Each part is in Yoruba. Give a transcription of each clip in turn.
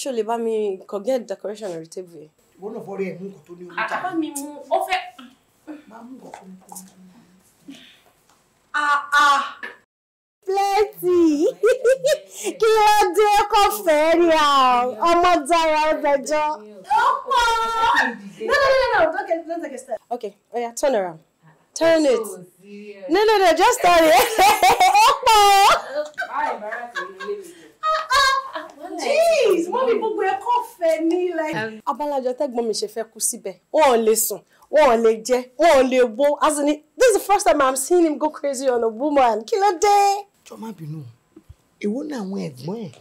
ṣó lè bá mi kàn get decoration on the table. ìwọ náà fọrí ẹ mú nǹkan tó ní orí jà. àbá mi mú ó fẹ́. máa mú nǹkan fún mi. Plẹ́tì kí ló dé kó fẹ́ ni ọmọ dára ọgbẹ́jọ́. Ọ̀pọ̀ no no no no don't get don't get started. Okay, oya oh yeah, turn around. Turn it. No, no, no, just turn it. Ọ̀pọ̀. jeez mọ́mí gbogbo ẹ kọ́ ní like. Um, abalajọ tẹ́gbọ́n mi ṣe fẹ́ kú síbẹ̀ wọn ò lè sùn wọn ò lè jẹ wọn ò lè bó as in this is the first time i'm seeing him go crazy on a woman kí ló dé. jọ má ewo na ni àwọn ẹ̀gbọ́n ẹ̀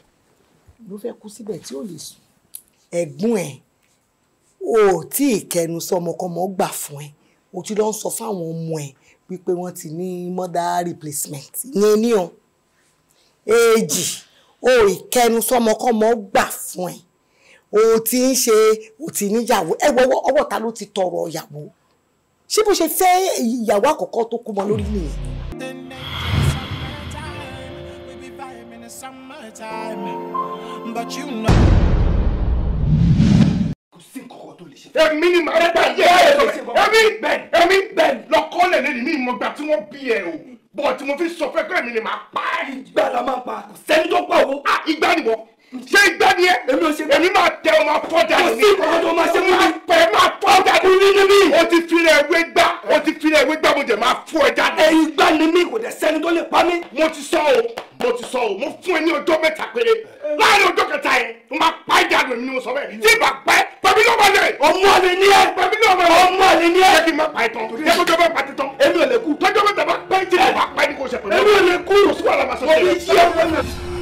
ló fẹ́ kú síbẹ̀ tí ò lè sùn ẹ̀gbọ́n ẹ̀ o ò tí ì kẹnu sọ ọmọkọmọ gbà fún ẹ o ti lọ sọ fáwọn ọmọ ẹ wípé wọ́n ti ní mother replacement yẹn ní ọ èjì o ìkẹnu sọmọkọmọ gbà fún ẹ o ti ń ṣe o ti níyàwó ẹ wọ ọwọ́ ta ló ti tọrọ ìyàwó ṣé bó ṣe fẹ́ ìyàwó àkọ́kọ́ tó kú mọ lórí nìyẹn. kò sí nǹkan tó lè ṣe. èmi ni màá bá yẹ ẹ èmi bẹ́ẹ̀ èmi bẹ́ẹ̀ lọ́kọ́lẹ̀ lẹ́nu mi ìmọ̀gbà tí wọ́n bí ẹ o bọ́ọ̀ tí mo fi sọ fẹ́ pé mi ni màá pa ẹ́. ìgbà la máa pa kò sẹ́ni tó pa owó. Ah, ìgbà ni ṣé ìgbàdí ẹ èmi máa tẹ ọmọ pọ́dà ní mi máa pẹ́ máa pọ́dà ní mi o ti filẹ̀ ewé gbá o ti filẹ̀ ewé gbá mo jẹ̀ máa fún ẹ jáde. ẹyin gbá ni mí kò dẹ̀ sẹ́ni tó lè pa mí. mo ti sọ o mo ti sọ o mo fún ẹ ní ọjọ́ mẹ́ta péré láàrin ọjọ́ kẹta yẹn mo máa pa ìjà lómi ni mo sọ bẹ́ẹ̀ tí ìbá pẹ́ pẹ̀lú ló wọlé. ọmọ àlè ni ẹ pẹ̀lú ló wọlé. ọmọ àlè ni ẹ. ẹ kì í má pa ìtàn ẹ kó jọ bẹ́ẹ̀ pa títàn. èmi ò lè kú. tọ́jọ́ bẹ́ẹ̀ tẹ̀ bá pẹ́ jẹ́ ẹ bá ní kò ṣe pẹ̀lú. èmi ò lè kú. kò sí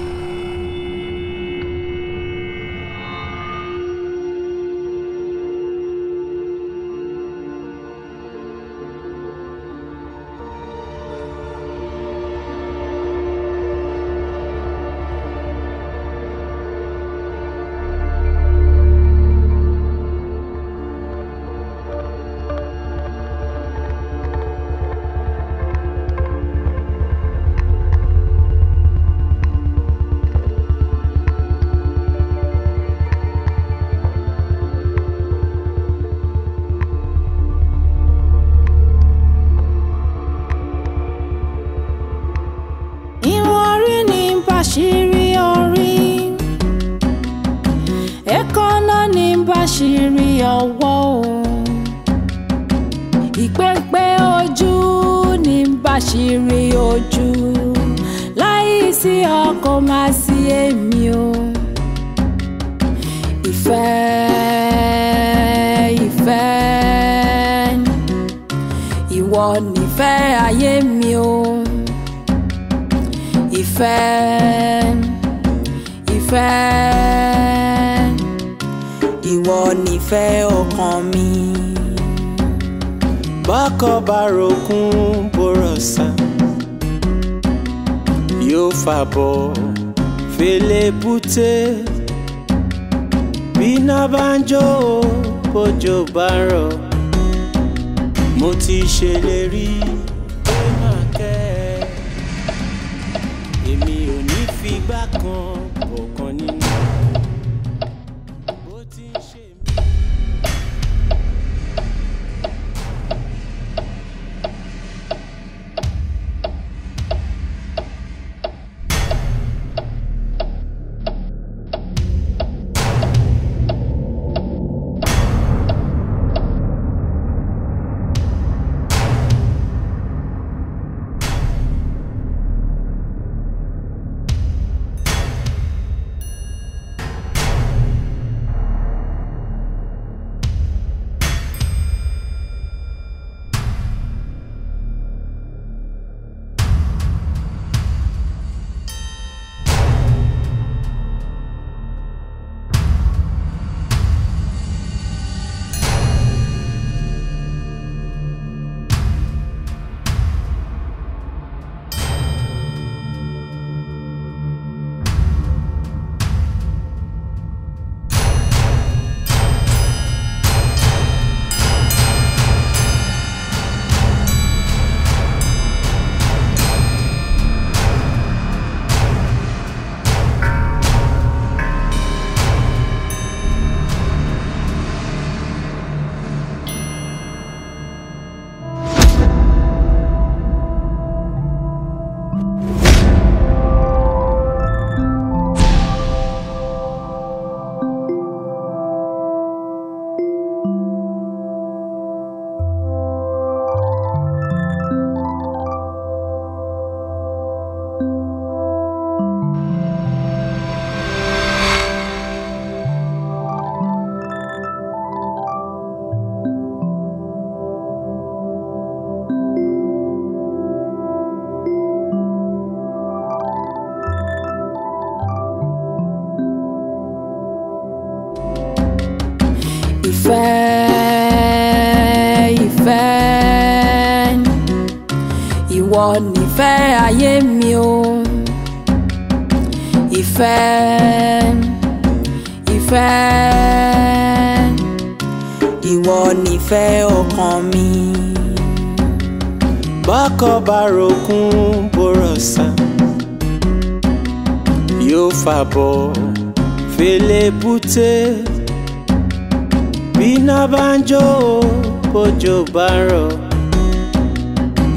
bójò bá rọ̀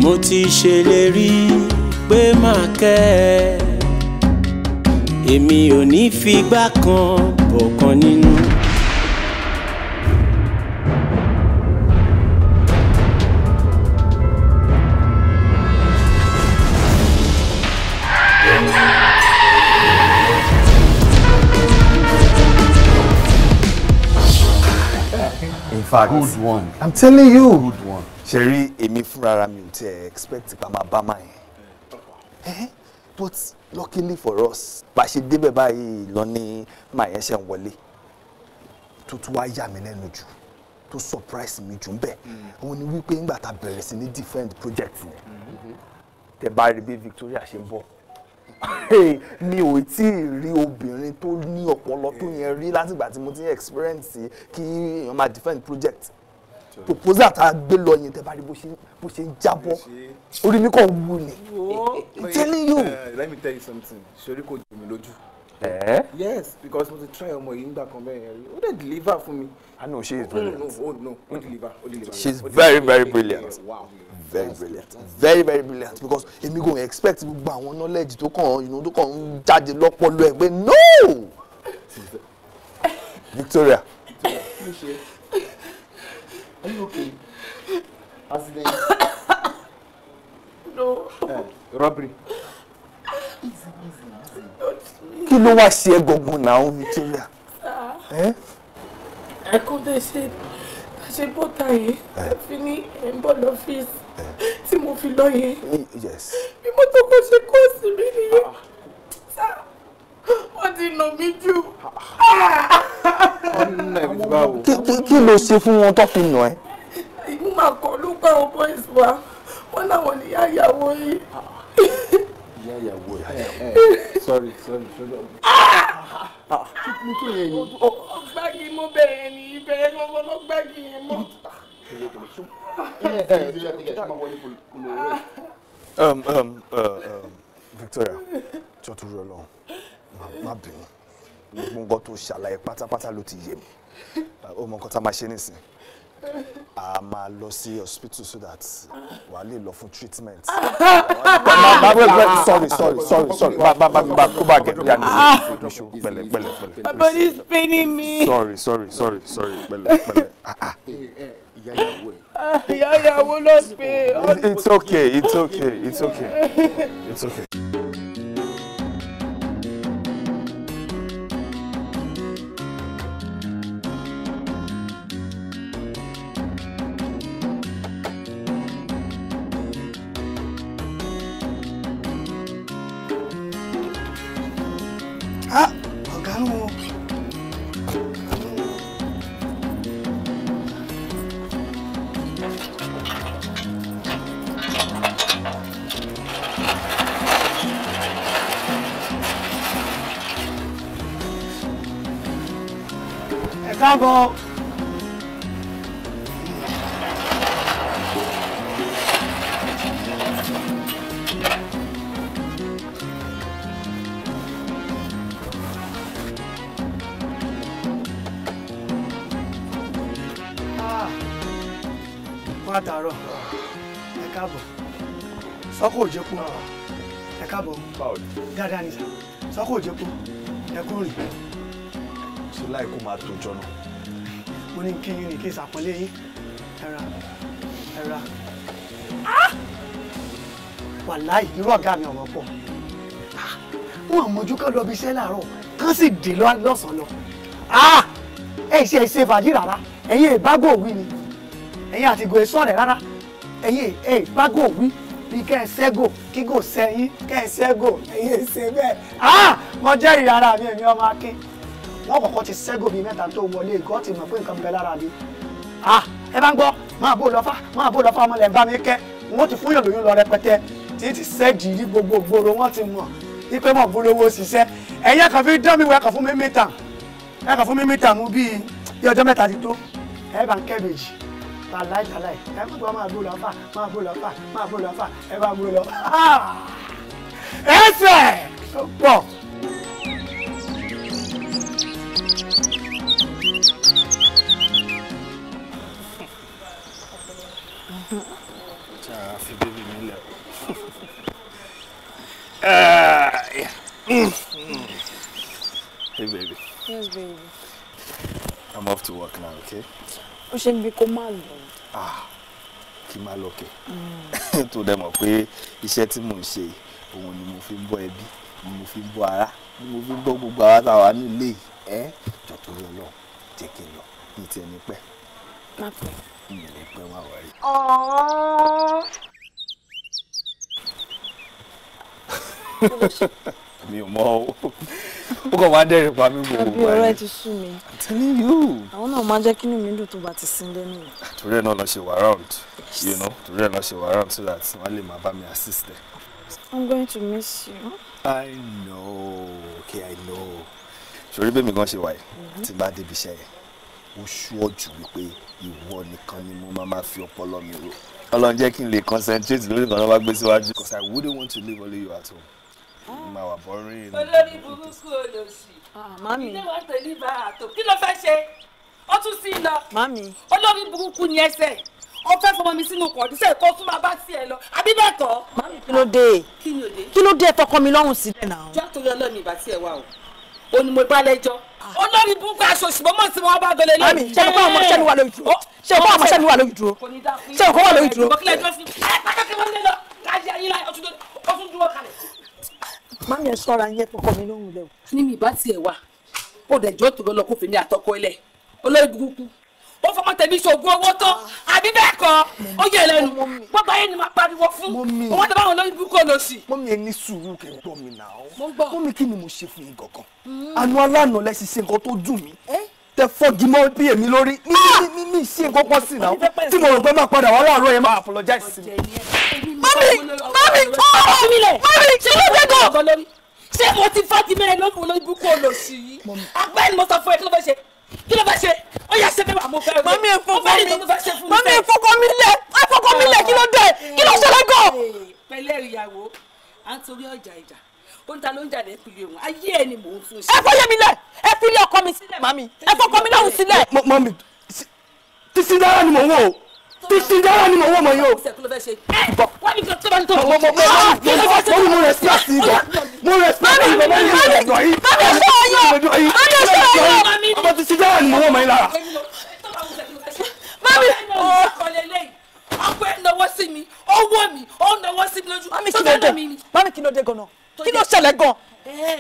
mo ti ṣèlérí pé màá kẹ́ ẹ èmi ò ní figbá kan bọ̀kan nínú. fact good one i'm telling you good one ṣẹ̀rí èmi fúnra mi ò tiẹ̀ expect pa máa bá máa eh, but luckily for us bá a ṣe débẹ̀ báyìí lọ ní máa yẹn ṣe ń wọlé To surprise mi jù ń bẹ̀ mm. òun ni wípé nígbà tá a different projects. The barry bá Victoria ṣe ń mi ò tí ì rí obìnrin tó ní ọpọlọ tó yẹn rí látìgbà tí mo ti experience kí èèyàn máa defend project proposal tá a gbé lọ yẹn tẹ bá rí bó ṣe bó ṣe ń jábọ́ orí mi kàn wú ni telling you. Eh, let me tell you something sori kò jù mí lójú. Eh? yes because mo ti try ọmọ yìí nígbà kan bẹ́ẹ̀ yẹn ó dẹ̀ deliver fún mi. i know she is oh, brilliant. Oh, no no no no. deliver o deliver. she is very very brilliant. wow very brilliant very very brilliant because èmi kò expect gbogbo àwọn knowledge tó kàn you know tó kàn ń jáde lọ́pọlọ ẹ̀ pé no Victoria. Are you okay? No. Uh, robbery. Easy, easy, easy. Kí ló wá ṣe ẹ́ gangan náà, Victoria? Sir. I couldn't say. I should put her in. Fini, I'm born office tí mo fi lọ yẹn bí mo tó kó ṣe kóòsì mi nìyẹn ah. wọ́n ti nà mí jù. kí ló ṣe fún wọn tó fi nà ẹ́. ìlú máa kọ ló pa àwọn boys wa wọn làwọn níyà ìyàwó yìí. ìyá eh, eh. sorry sorry sorry. Ah! mo bẹ̀rẹ̀ ní ibẹ̀ ọmọ yẹn mọ́. Ah um, um, uh, um, Victoria tí o tún rọ lọ má bínú gbogbo nǹkan tó ṣàlàyé pátápátá ló ti yé mi ó mọ nǹkan tá a máa ṣe nísìn a máa lọ sí hospital so that wàá lè lọ fún treatment. Ah! sorry sorry sorry sorry ba ba ba ba kó bá gẹ̀ẹ́dì àná ìṣó pẹ̀lẹ́ pẹ̀lẹ́ pẹ̀lẹ́. my body is me. sorry sorry sorry sorry pẹ̀lẹ́ pẹ̀lẹ́. Ah, ah. Eh, eh, ìyá ìyàwó ẹ̀. yeah, yeah, Yaya will not pay. It's okay. It's okay. It's okay. It's okay. Bravo! látàárọ̀ ah, ẹ káàbọ̀ sọ́kò òjẹ́pọ̀ ah. ẹ káàbọ̀ dáadáa nìyà sọ́kò òjẹ́pọ̀ ẹ kú rìn. ṣe láì kó máa tó jọ náà mo ní kí yín ní kí n ṣàpọ́nlé yín ẹ̀ra ẹ̀ra ah! wàláì irú ọ̀gá mi ọ̀rọ̀ pọ̀ ah! wọn ò mójú kán lọ bí iṣẹ́ láàárọ̀ kán sì dé lọ́sàn-án lọ ah! ẹ̀ ṣe ẹ̀ fàájì rárá ẹ̀yin ìbágbó òwí ni ẹ̀yin àti ìgò èso ọ̀rẹ́ rárá ẹ̀yin ìbágbó òwí bí kẹ́ ẹ ṣẹ́gò kí gò sẹ́yìn kẹ́ ẹ ṣẹ́gò ẹ̀yin èsè bẹ́ẹ̀ mo jẹ́rìí ara mi èmi ọmọ akin wọ́n kọ́kọ́ ti ṣẹ́gun bíi mẹ́ta tó wọlé ìkọ́ ti mọ̀ pé nǹkan bẹ lára mi. Ah, ẹ bá ń gbọ́ máa bó lọ́fà máa bó lọ́fà ọmọlẹ̀ ń bá mi kẹ́ wọ́n ti fún yòlóyún lọ rẹpẹtẹ tí ti ṣẹ́ẹ̀dì rí gbogbo gbòòrò wọ́n ti mọ̀ ipe mọ̀ bólówó ṣiṣẹ́ ẹ̀yìn kan fi dán mi wẹ̀ kàn fún mi mítà ẹ̀ fún mi mítà mú bíi bí ọjọ́ mẹ́ta ti tó ẹ̀ bá ń kẹ́bèjì tàláì tàláì ah! ẹ̀ fi bébì mi lẹ̀ Hey baby. Yes baby. I'm off to work now, okay? O ṣe ń bi kó má Ah, kí má lọ kẹ. Mm. Tó dẹ̀ mọ̀ pé iṣẹ́ tí mò ń ṣe òun ni mo fi ń bọ́ ẹbí, ni mo fi ń bọ́ ara, ni mo fi ń bọ́ gbogbo ara táwa nílé ẹ̀ jọ̀tún rẹ̀ lọ, jẹ́ kí n lọ, ní tiẹ̀ ní pẹ́. Má pẹ́. Ìyẹn ní pẹ́ wá wáyé. Ọ̀ọ́. mi ò mọ o ó kàn máa ń dẹ́rìn pa mí gbogbo ìgbà yẹn. ọ̀rẹ́ ti sú mi. àtẹ̀lé yóò. àwọn náà máa ń jẹ́ kí inú mi dùn tó bá ti sin lẹ́nu. torí ẹ̀ náà lọ ṣe wà round you know torí náà ṣe wà round so that wọ́n lè máa bá mi assist ẹ̀. I'm going to miss you. I know okay I know sori bẹ́ẹ̀ mi gan ṣe wà yìí mm-hmm. tí n bá débi iṣẹ́ yẹn ó ṣú ọ̀jù wípé ìwọ nìkan ni mo máa fi ọpọlọ mi rò ọlọ́run jẹ́ kí n lè concentrate lórí nǹkan bá gbé síwájú because I wouldn't want to leave only you at home máa wà bọ́rí. olórí burúkú olóṣì. mami ilé wa tẹ̀lé bá a tó kí ló fẹ́ ṣe ó tún sí i lọ. mami olórí burúkú ni ẹsẹ̀ ó fẹ́ fọmọ mi sínú kọ̀ ọ̀dúnṣe kó tún máa bá sí ẹ lọ àbí bẹ́ẹ̀ kọ́. mami kí ló dé kí ló dé fọkàn mi lọ́rùn sílẹ̀ náà. jọ́ torí ọlọ́run ìbá tí ẹ wà o ó olórí burúkú aṣọ òṣùpọ̀ mọ̀ sí wọn bá gbélé lórí. mami ṣe kó Mami ẹ sọ́ra yẹn fọkọ mi lóhùn lẹ́wọ̀. Ní mi ìbá tiẹ̀ wà, ó dẹ̀jọ́ tó lọ kó fi ní àtọkọ ẹlẹ̀, olórí burúkú. Ó fọmọ tẹ̀mí ṣògùn owó tán, àbí bẹ́ẹ̀ kọ́, ó yẹ lẹ́nu. Gbogbo ayé ni màá pariwo fún. Owó tó báwọn olórí burúkú lọ sí. Mọ́mí ẹ ní sùúrù kẹ́ gbọ́ mi náà. Mo gbọ́. Mọ́mí kí ni mo ṣe fún yín gangan? Hmm. Àánú aláàánú lẹ ṣiṣẹ́ nǹkan tó dùn mí. Eh? Tẹ fọ́gi mọ́ bí èmi lórí. Ah! Ní ní ní ní ìṣe nǹkan pọ̀ sí náà. Tí mo rò pé máa padà wá láàárọ̀ yẹn máa apologize sí mi mami mami mami ṣe ló dé gan ṣé mo ti fati mẹrẹ lórí olórí burúkú olóṣì yìí àgbẹ̀ ni mo sọ fún ẹ kí ló fẹ́ ṣe kí ló fẹ́ ṣe ó yà ṣe fẹ́ wà mo fẹ́ rẹ mami ìfọkọ mi mami ìfọkọ mi lẹ ìfọkọ mi lẹ kí ló dé kí ló ṣẹlẹ̀ gan. pẹ̀lẹ́ ìyàwó à ń torí ọjà ìjà ó ń ta ló ń jà lẹ́kùlé òun ayé ẹ ni mò ń fún un. ẹ fọyẹ mi lẹ ẹ fi ilé ọkọ mi sílẹ̀ mami ẹ fọkọ mi lọ́rùn sílẹ̀. mami sísí dára ni mò ń wò fifteen naira ni mo wọ́ ọmọ yìí o. mo mo mo mo respect yìí respect. mo respect yìí bọ̀ mo yìí mo dọ̀ yìí mo dọ̀ yìí mo dọ̀ yìí ọmọ fifteen naira ni mo wọ́ ọmọ yìí lára. mami ọgbẹ́ náwó sí mi ọwọ́ mi ó náwó sí mi lójú sọ́dọ̀ mi ni. mami kí ló dé gan-an kí ló ṣẹlẹ̀ gan-an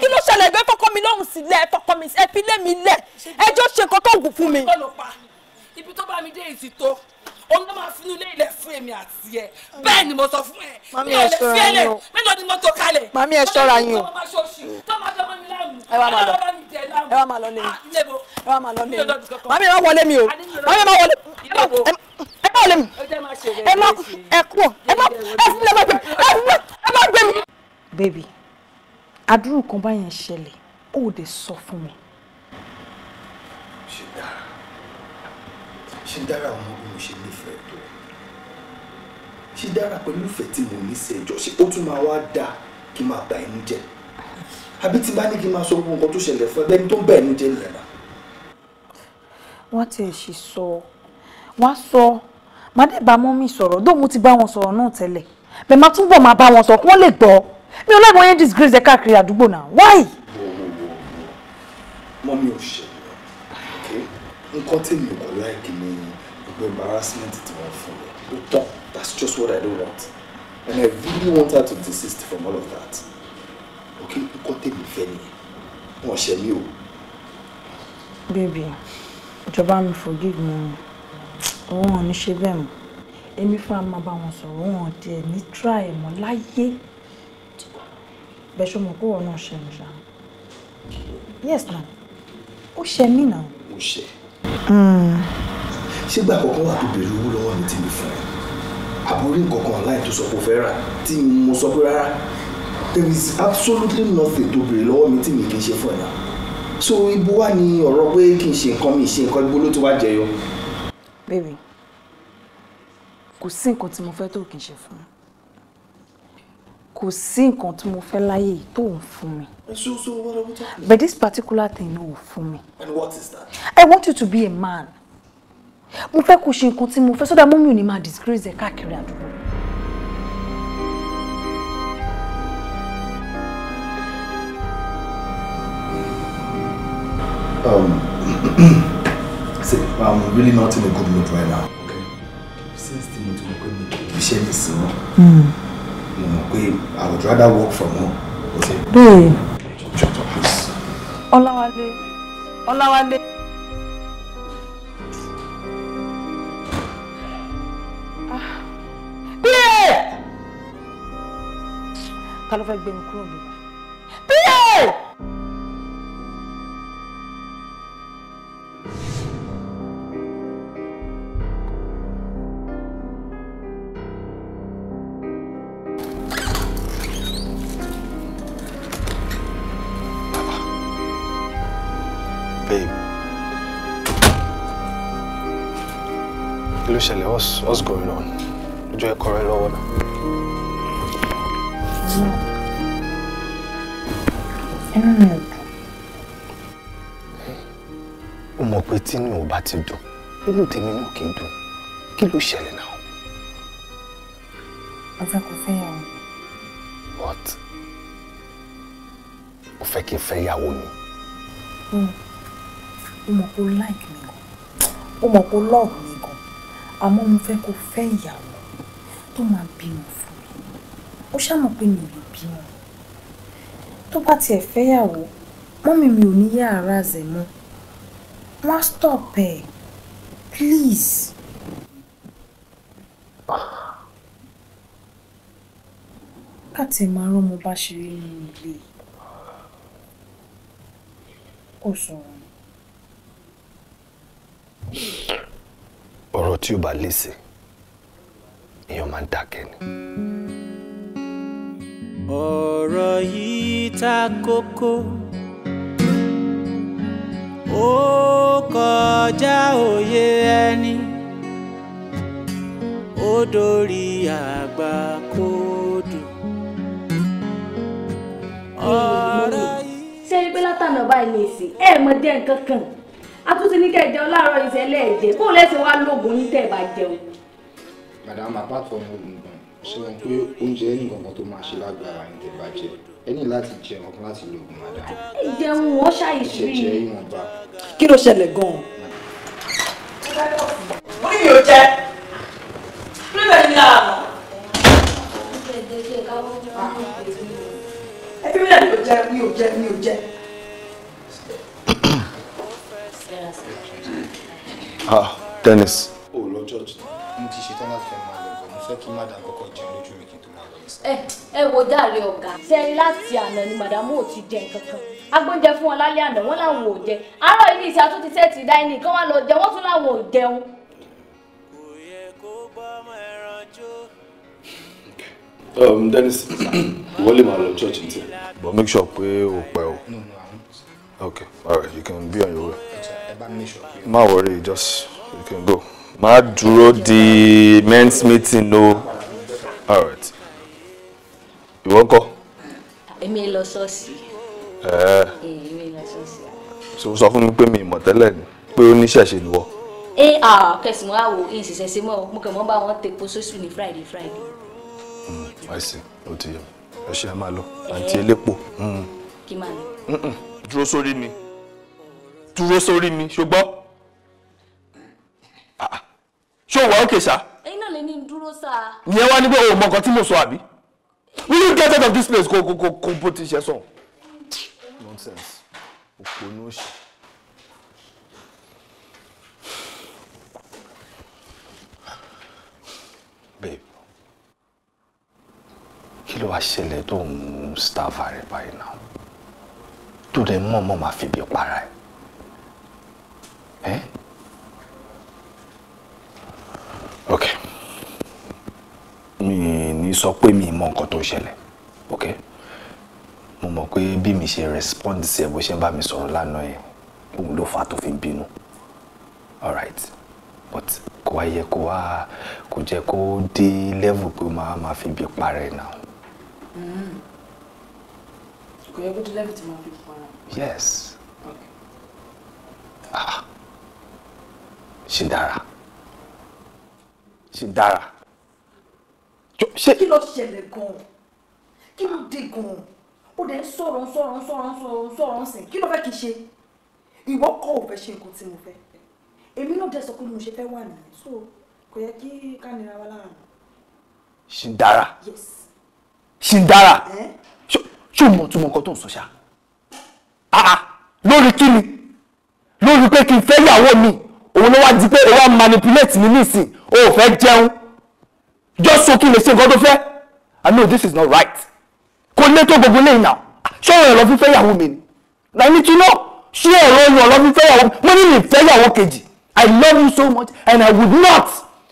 kí ló ṣẹlẹ̀ ẹgbẹ́ fọkọ mi lọ́hùn sílẹ̀ fọkọ mi ẹ fi lé mi lẹ̀ ẹjọ́ ṣe nǹkan tó wù fún mi. ibi tó bá mi dé èsì tó òun ló máa finú ilé ilẹ̀ fún èmi àti ẹ bẹ́ẹ̀ ni mo sọ fún ẹ mi ò lè fi ẹlẹ̀ mélòó ni mo tó kalẹ̀ mami ẹ ṣọ́ra yín o ẹ wá máa lọ ẹ wá máa lọ lé ẹ wá máa lọ lé ah, mami ẹ má wọlé mi o mami ẹ má wọlé ẹ má wọlé mi ẹ má ẹ kú ẹ má ẹ fún mi ẹ má gbé mi ẹ má gbé mi. baby àdúrà kan báyẹn ṣẹlẹ̀ ó dé sọ fún mi. ṣe dára ṣe dára ọmọ ṣé dára pẹ̀lú ìfẹ́ tí mo ní sí ẹjọ́ ṣe ó tún máa wá dáa kí n máa bà ẹnu jẹ́ àbí tí n bá ní kí n máa sọ gbogbo nǹkan tó ṣẹlẹ̀ fún ẹgbẹ́ni tó ń bà ẹnu jẹ́ nìyẹn náà. wọ́n ti ẹ̀ ṣì sọ wọ́n sọ màá dẹ̀ bá sọ̀rọ̀ dóò mo ti bá wọn sọ̀rọ̀ náà tẹ́lẹ̀ bẹ́ẹ̀ máa túbọ̀ máa bá wọn sọ wọ́n lè gbọ́ mi ò lẹ́gbọ̀n yẹn disgrace ẹ̀ káàkiri àdúgbò náà why. mọ́mì ò ṣe nǹkan tí mi ò kọ̀ láìkì ni gbogbo embarrassment tí wọ́n fún mi ó tán That's just what I don't want. And I really want her to desist from all of that. Okay, you got fẹ́ ni. Wọ́n ṣe mí o. Baby, ìjọba forgive me. Òun ò ní ṣe bẹ́ẹ̀ mọ́. Èmi fún àmọ́ bá try my láyé. Bẹ́ẹ̀ ṣe mọ̀ pé òun náà ṣe Yes ma'am. ó ṣe mí náà. Ó ṣe. Hmm. Ṣé ìgbà àkọ́kọ́ wà tó bèrè owó lọ́wọ́ mi àbúrí nǹkan kan tó sọ pé o fẹ́ rà tí mo sọ pé rárá there is absolutely nothing tó béèrè lọ́wọ́ mi tí mi kì í ṣe fún ẹ̀ so ibo wá ni ọ̀rọ̀ pé kí n ṣe nǹkan mi ṣe nǹkan ibo ló ti wá jẹyọ. bẹ́ẹ̀ni kò sí nǹkan tí mo fẹ́ tó kì í ṣe fún mi kò sí nǹkan tí mo fẹ́ láyé yìí tó ń fún mi. so so what are we talking about. but this particular thing no fún mi. and what is that. I want you to be a man mo fẹ́ kó ṣe nǹkan tí mo fẹ́ sódà mọ́mí ò ní máa disgrace ẹ̀ káàkiri àdúgbò. Um, see, I'm really not in a good mood right now. Okay. Since the mood, I'm going to be sharing this. Mm. I would rather work from home. Okay. Babe. Shut up, please. Olawale. Olawale. ló fẹ́ gbé mi kúrò níbí. pa. what's, what's going on? Do Ojú ẹ kọrẹ or what? o mọ̀ pé tínú ò bá ti dùn inú tèmi náà kì í dùn kí ló ṣẹlẹ̀ O mo fẹ́ kó fẹ́ what o fẹ́ kí n fẹ́ yàwó ni. Hmm. o mọ̀ pé o like mi gan o mọ̀ pé o love mi gan àmọ́ mo fẹ́ kó fẹ́ ìyàwó tó máa bímọ fún mi ó ṣàmọ̀ pé mi ò lè tó bá tiẹ̀ fẹ́yàwó mọ́mì mi ò ní yá ara zẹ̀ mọ́ wọ́n stop ẹ̀ please. káàtì máa rán mo bá ṣe rí nínú ilé kò sọ̀rọ̀. ọ̀rọ̀ tí ò bá lè ṣe èèyàn máa ń dákẹ́ ni. Mm -hmm ọ̀rọ̀ yìí ta kókó ó kọjá òye ẹni ó dórí àgbà kódù ọ̀rọ̀ yìí. ṣé ibi látànà báyìí ní ìsìn ẹ mọ jẹ nǹkan kan a tún ti ní kẹ́ jẹun láàárọ̀ ìṣẹ̀lẹ̀ ẹ̀jẹ̀ kó lẹsẹ wá lóògùn ní tẹ́ bá jẹun. madam apart from oògùn gan ṣe mọ̀ pé oúnjẹ ní nǹkan tó máa ṣe lágbára ní tẹ̀bàjẹ́ ẹ ní láti jẹun ọ̀kan láti lo oògùn madam. ìjẹun wọn ṣàìsí. ìṣẹ̀jẹ̀ ìwọ̀nba. kí ló ṣẹlẹ̀ gan-an. mo ní mi ò jẹ kí ló bẹ̀rẹ̀ nílá àná. ẹ fi mílẹ̀ mi ò jẹ mi ò jẹ mi ò jẹ. ah Dennis. o lọ church mo ti ṣetán láti fẹ́ máa fẹ́ kí madam kọ́kọ́ jẹun lójú mi kí n tó máa lọ sí. ẹ ẹ wo dáre ọ̀gá ṣe láti àná ni màdàmú ò ti jẹ nǹkan agbóúnjẹ fún wọn lálẹ́ àná wọn làwọn ò jẹ àárọ̀ yìí ní ìṣe àtúntì sẹ́ẹ̀tì dáínì kí wọ́n lọ jẹ wọ́n tún làwọn ò jẹun. Um, Dennis, wọ́n lè máa lọ church ní tiẹ̀. But make sure pé o pẹ́ o. No, no, Okay, all right, you can be on your way. Má worry, just you can go máa dúró di men's meeting o all right ìwọ kọ́. èmi lọ ṣọ́ọ̀ṣì. ẹ̀ẹ́ èmi lọ ṣọ́ọ̀ṣì. sọ sọ fún mi pé mi ìmọ̀ tẹ́lẹ̀ ni pé ó ní ṣẹ̀ṣẹ̀ ni wọ. ẹ eh, à ah, kẹsìmọ́ àwò ìṣẹ̀ṣẹ̀ sí mọ́ mo kàn mọ́ bá wọn tepo sóṣù ní friday friday. Hmm, I see ó ti yẹ ẹ ṣe é máa lọ eh. àǹtí elépo. Hmm. kí máa lọ. dúró sórí mi dúró sórí mi ṣùgbọ́n ṣó wà okay, sir. ẹ̀yin náà lè ní dúró sir. ìyẹn wá ní pé o mọ nǹkan tí mo sọ àbí. will you get out of this place Go, go, go, go, put ti ṣe nonsense òpònú babe kí ló wá ṣẹlẹ̀ tó ń mú starver rẹ báyìí náà tó dẹ̀ mọ̀ọ́mọ̀ máa fi bí para ẹ̀. Eh? ok mi ní sọ pé mi mọ nǹkan tó ṣẹlẹ̀ ok mo mọ̀ pé bí mi ṣe respond sí ẹ bó ṣe ń bá mi sọ̀rọ̀ lánàá yẹn òun ló fà tó fi ń bínú alright but kò wá yẹ kó wá kò jẹ́ kó dé level pé máa máa fi bí parẹ́ náà. Mm. kò yẹ kó dé level tí máa fi parẹ́. yes. ah ṣe dára ṣe dára. kí ló ṣẹlẹ̀ gan-an kí ló dé gan-an ó dẹ̀ ń sọ̀rọ̀ ń sọ̀rọ̀ ń sọ̀rọ̀ ń sọ̀rọ̀ ń sọ̀rọ̀ ń sìn kí ló fẹ́ kí n ṣe ìwọ kọ́ ò fẹ́ ṣe nǹkan tí mo fẹ́ èmi náà dẹ̀ sọ pé mo ṣe fẹ́ wà nìyẹn so kò yẹ kí ká nira wa lára. ṣì ń dára ṣì ń dára ṣó mọ̀ tó mọ̀ nǹkan tó ń sọ ṣá ah, ah, lórí kí ni lórí pé kí n fẹ́ yàwó mi òun ló wá di pé òun wá manipulate mi nísìn o fẹ́ jẹun just so kí n lè ṣe nǹkan tó fẹ́ i know this is not right kò lé tó gbogbo lẹ́yìn náà ṣọ́ọ̀rọ̀ ẹ̀rọ fífẹ́ ìyàwó mi ni i need to know ṣé ọ̀rọ̀ ẹ̀rọ ọ̀rọ̀ fífẹ́ ìyàwó mo ní lè fẹ́ ìyàwó kejì i love you so much and i would not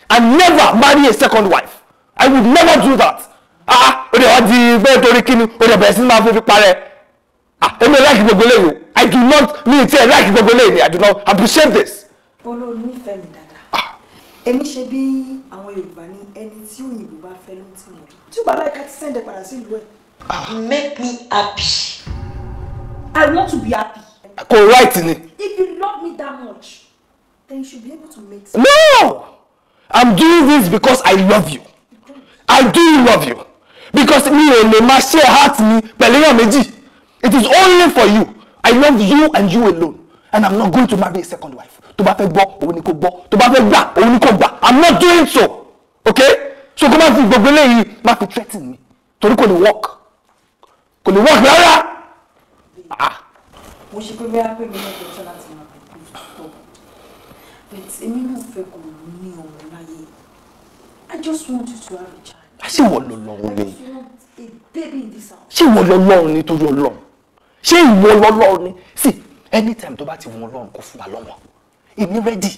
and never marry a second wife i would never do that ah o de wa di bẹ́ẹ̀ torí kíni o de bẹ̀rẹ̀ sí máa fi parẹ́ ah èmi like gbogbo lẹ́yìn o i do not mean say i like gbogbo lẹ́yìn i do not appreciate this olóòlù nífẹ̀ẹ́ mi dáadáa èmi ṣe bí àwọn yorùbá ní ẹni tí òyìnbó bá fẹ́ ló ń tì wọ́n tí yorùbá láìka ti sẹ́ǹdẹ̀ padà sí ìlú ẹ̀. make me happy. i want to be happy. kò right ni. if you love me that much then you should be able to make sense. no i'm doing this because i love you i do love you because mi ò lè máa share heart mi pẹ̀lú èèyàn méjì it is only for you i love you and you alone and i'm not going to marry a second wife tó bá fẹ́ gbọ́ òun ni kò gbọ́ tó bá fẹ́ gbà òun ni kò gbà i'm not doing so okay so kó má fi gbogbo eléyìí má fi threaten mi torí kò lè work kò lè work rárá. Ah. mo ṣe pé bẹ́ẹ̀ pé mi ò gbọ́dọ̀ láti máa fi kú tó but èmi náà fẹ́ kò ní ọmọ láyé i just want you to have a child. Ah, ṣé ìwọ lọ lọ́run ni ṣé ìwọ lọ lọ́run ni torí Ọlọ́run ṣé ìwọ lọ lọ́run ni see anytime tó bá ti wọn Ọlọ́run kó fún wa lọ́wọ́ èmi rẹ́dì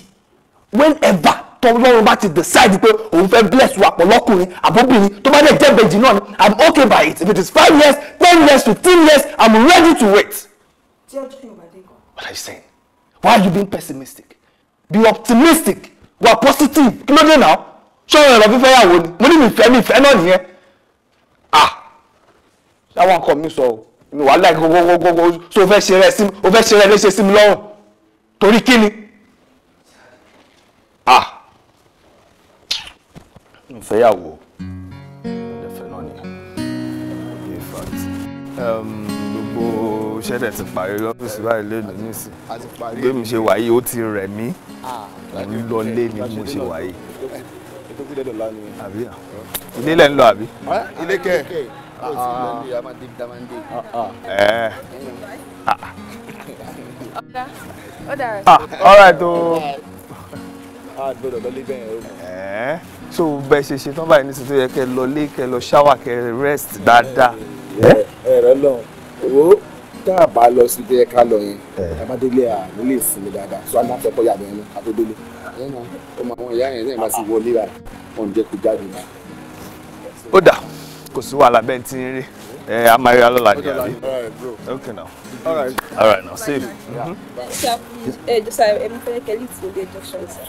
whenever tọ́lọ́run bá ti decide pé òun fẹ́ bless wa pọ̀ lọ́kùnrin àbóbìnrin tó bá dẹ̀ jẹ́ bèjì náà ni i'm okay by it if it is five years ten years fifteen years i'm ready to wait. what are you saying why are you being pessimistic be optimistic wa positive kí ló dé náà ṣọ́rọ̀ ẹ̀rọ fífẹ́ yàwó ni mo ní mi fẹ́ mi fẹ́ náà nìyẹn ah ṣáwọn nǹkan mi sọ o mi wà gbogbogbogbogbò so o fẹ́ ṣe rẹ léṣe sí mi lọ́rùn torí kí ni ah n fẹ́yàwó ẹ̀ fẹ́ náà nìyẹn in fact um, gbogbo iṣẹ́ dẹ̀ ti parí lọ́fíìsì báyìí lẹ́nu nísìn bí mi ṣe wàyí ó ti rẹ̀ mí ah, ń lọ lé ni mo ṣe wàyí àbí ilé lẹ́ ń lọ àbí. ilé kẹ́ ẹ̀ ọ̀dà ọ̀dà. all right o. Oh a gbọ́dọ̀ lọ lé bẹ́ẹ̀ o. so bẹ́ẹ̀ ṣe ṣe tán báyìí nísìsiyìí tó yẹ kẹ́ lọ lé kẹ́ lọ ṣáwà kẹ́ rest dáadáa. ẹ rẹ lọ wo tá a bá lọ sí bẹ́ẹ̀ ká lọ yẹn abádélé à ló lè sinmi dáadáa so àná àfẹ́kọ́ yàgbé yẹn ká tó délé ọmọ àwọn ìyá yẹn náà máa ti wọlé rà wọn ò jẹ́ kó jáde náà. ó dà kò sí wàhálà bẹ́ẹ̀ tí ń rí ẹ a máa rí alọ́ ní àbí okay now all right now safe. ẹ jọ sá ẹ mú fẹ́ kẹ́lí tí ó dé junction sá.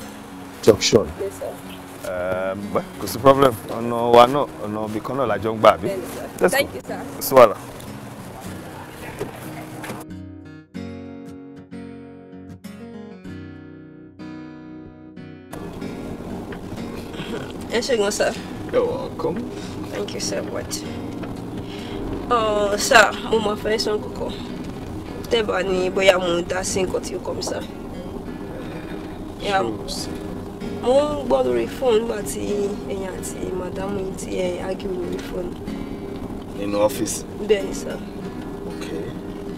junction. kò sí problem no wa náà ọ̀nà ibì kan náà la jọ ń gbà thank you sir. sí wàhálà. ẹ ṣe gan sir. you're welcome. thank you sir but uh, sir mo máa fẹ́ sọ kọ̀kọ́ tẹ́bà ni bóyá mo dá sí nǹkan tí ó kọ́ sir. Eh, yeah. Sure, mo ń gbọ́ lórí fóònù nígbà tí ẹ̀yin àti màdámù yìí ti ẹ̀yìn eh, ágìrì lórí fóònù. nínú ọ́fíìsì. bẹ́ẹ̀ sá. ok.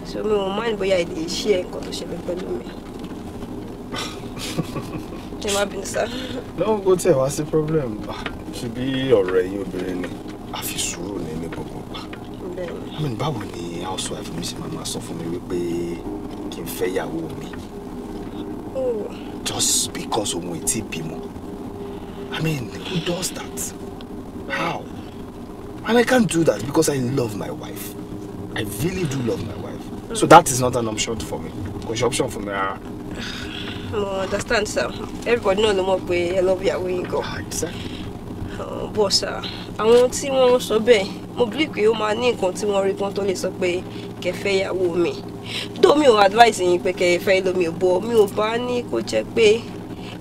so mi ò máa ń bóyá èdè ṣí ẹ̀ nǹkan tó ṣẹlẹ̀ pẹ̀lú mi. ẹ má bínú sá. lọ́wọ́ kó tẹ̀ wá sí problem bá ah, ṣe bí ọ̀rọ̀ ẹ̀yin obìnrin ni àfi sùúrù ní ní gbogbo pa. bẹ́ẹ̀ ni. báwo ni housewife mi ṣe máa máa sọ fún mi wípé kí n fẹ́ yàwó Just because òun ò tíì I mean, who does that? How? And I can't do that because I love my wife. I really do love my wife. So that is not an option for me. Because option for me are... Mo understand, sir. Everybody knows the more pé I love ìyàwó yín gan. Ah, exactly. Uh, but, sir, I want to sọ bẹ́ẹ̀, mo believe pé ó máa ní nǹkan tí wọ́n rí kan tó lè sọ pé kẹ́ though mi ò advice yín pé kẹ́ fẹ́ lómi ò bọ̀ mi ò bá ní kó jẹ́ pé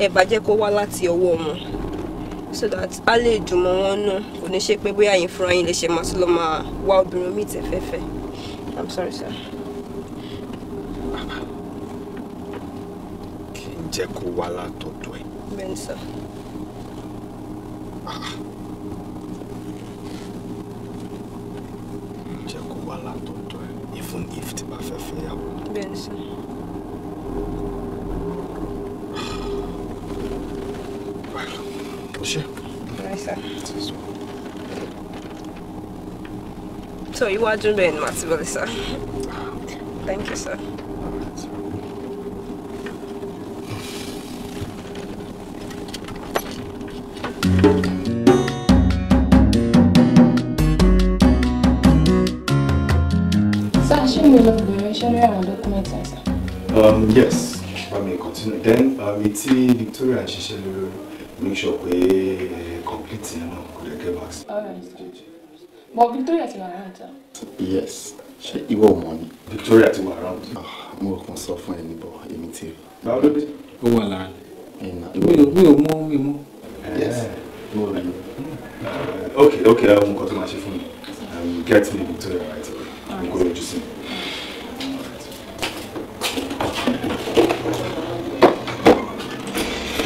ẹ bá kó wá láti ọwọ́ wọn so that a lè dùnmọ́ wọn nù kò ní ṣe pé bóyá yín fúnra yín lè ṣe máa tún lọ máa wá obìnrin mi tẹ̀ fẹ́fẹ́ i'm sorry sir. kì í jẹ́ kó wá látọ̀dọ̀ ẹ̀. bẹ́ẹ̀ni sir. jẹ́ kó wá látọ̀dọ̀ ẹ̀ even if tí bá fẹ́ fẹ́ yàwó. mensen. Poesje. Zo, je wou doen bij een maat, wil je Dank je, sir. Sasha, you look very sure makes sense. Um, yes, I may continue. Then, Miti, um, Victoria and Shishelu make sure we uh, complete and we get back. Oh, Alright, But Victoria is around, sir. Yes. Ṣé ìwọ mọ̀ ni? Victoria ti wà around. Ah, mo kàn sọ fún ẹni bọ̀ èmi ti rí. Báwo ló dé? Ó wà lára. Ẹ̀nà Yes. Mo rí i. Uh, okay, okay, àwọn nǹkan tó máa ṣe phone. mi. Get me Victoria right away. I'm going to sí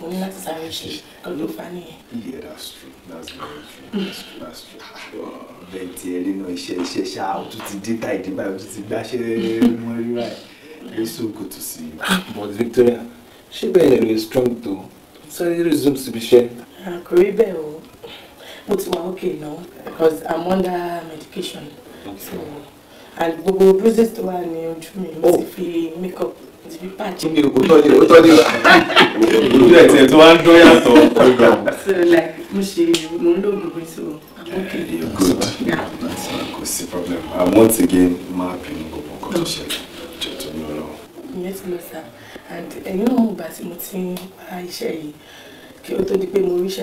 mo ní láti sáré ṣe nǹkan tó fà nìyẹn. yeah that's true that's very true that's true that's true. bẹ́ẹ̀ tí ẹ nínú iṣẹ́ iṣẹ́ ṣá o tún ti dín táì dín báyìí o tún ti gbáṣẹ́ mọ́ rírà ẹ̀ it's so good to see you. but Victoria ṣé bẹ́ẹ̀ lè rí strong tó sáré resume síbi iṣẹ́. kò rí bẹ́ẹ̀ o mo ti wà okay now because i'm under medication so and gbogbo bruises tó wà ní ojú mi mo oh. ti fi make up so like mo ṣe mo ń lóògùn mi good kò problem and once again máa bínú gbogbo nǹkan yes ma and ẹ̀yin náà mo gbà tí mo ti ń bá iṣẹ́ yìí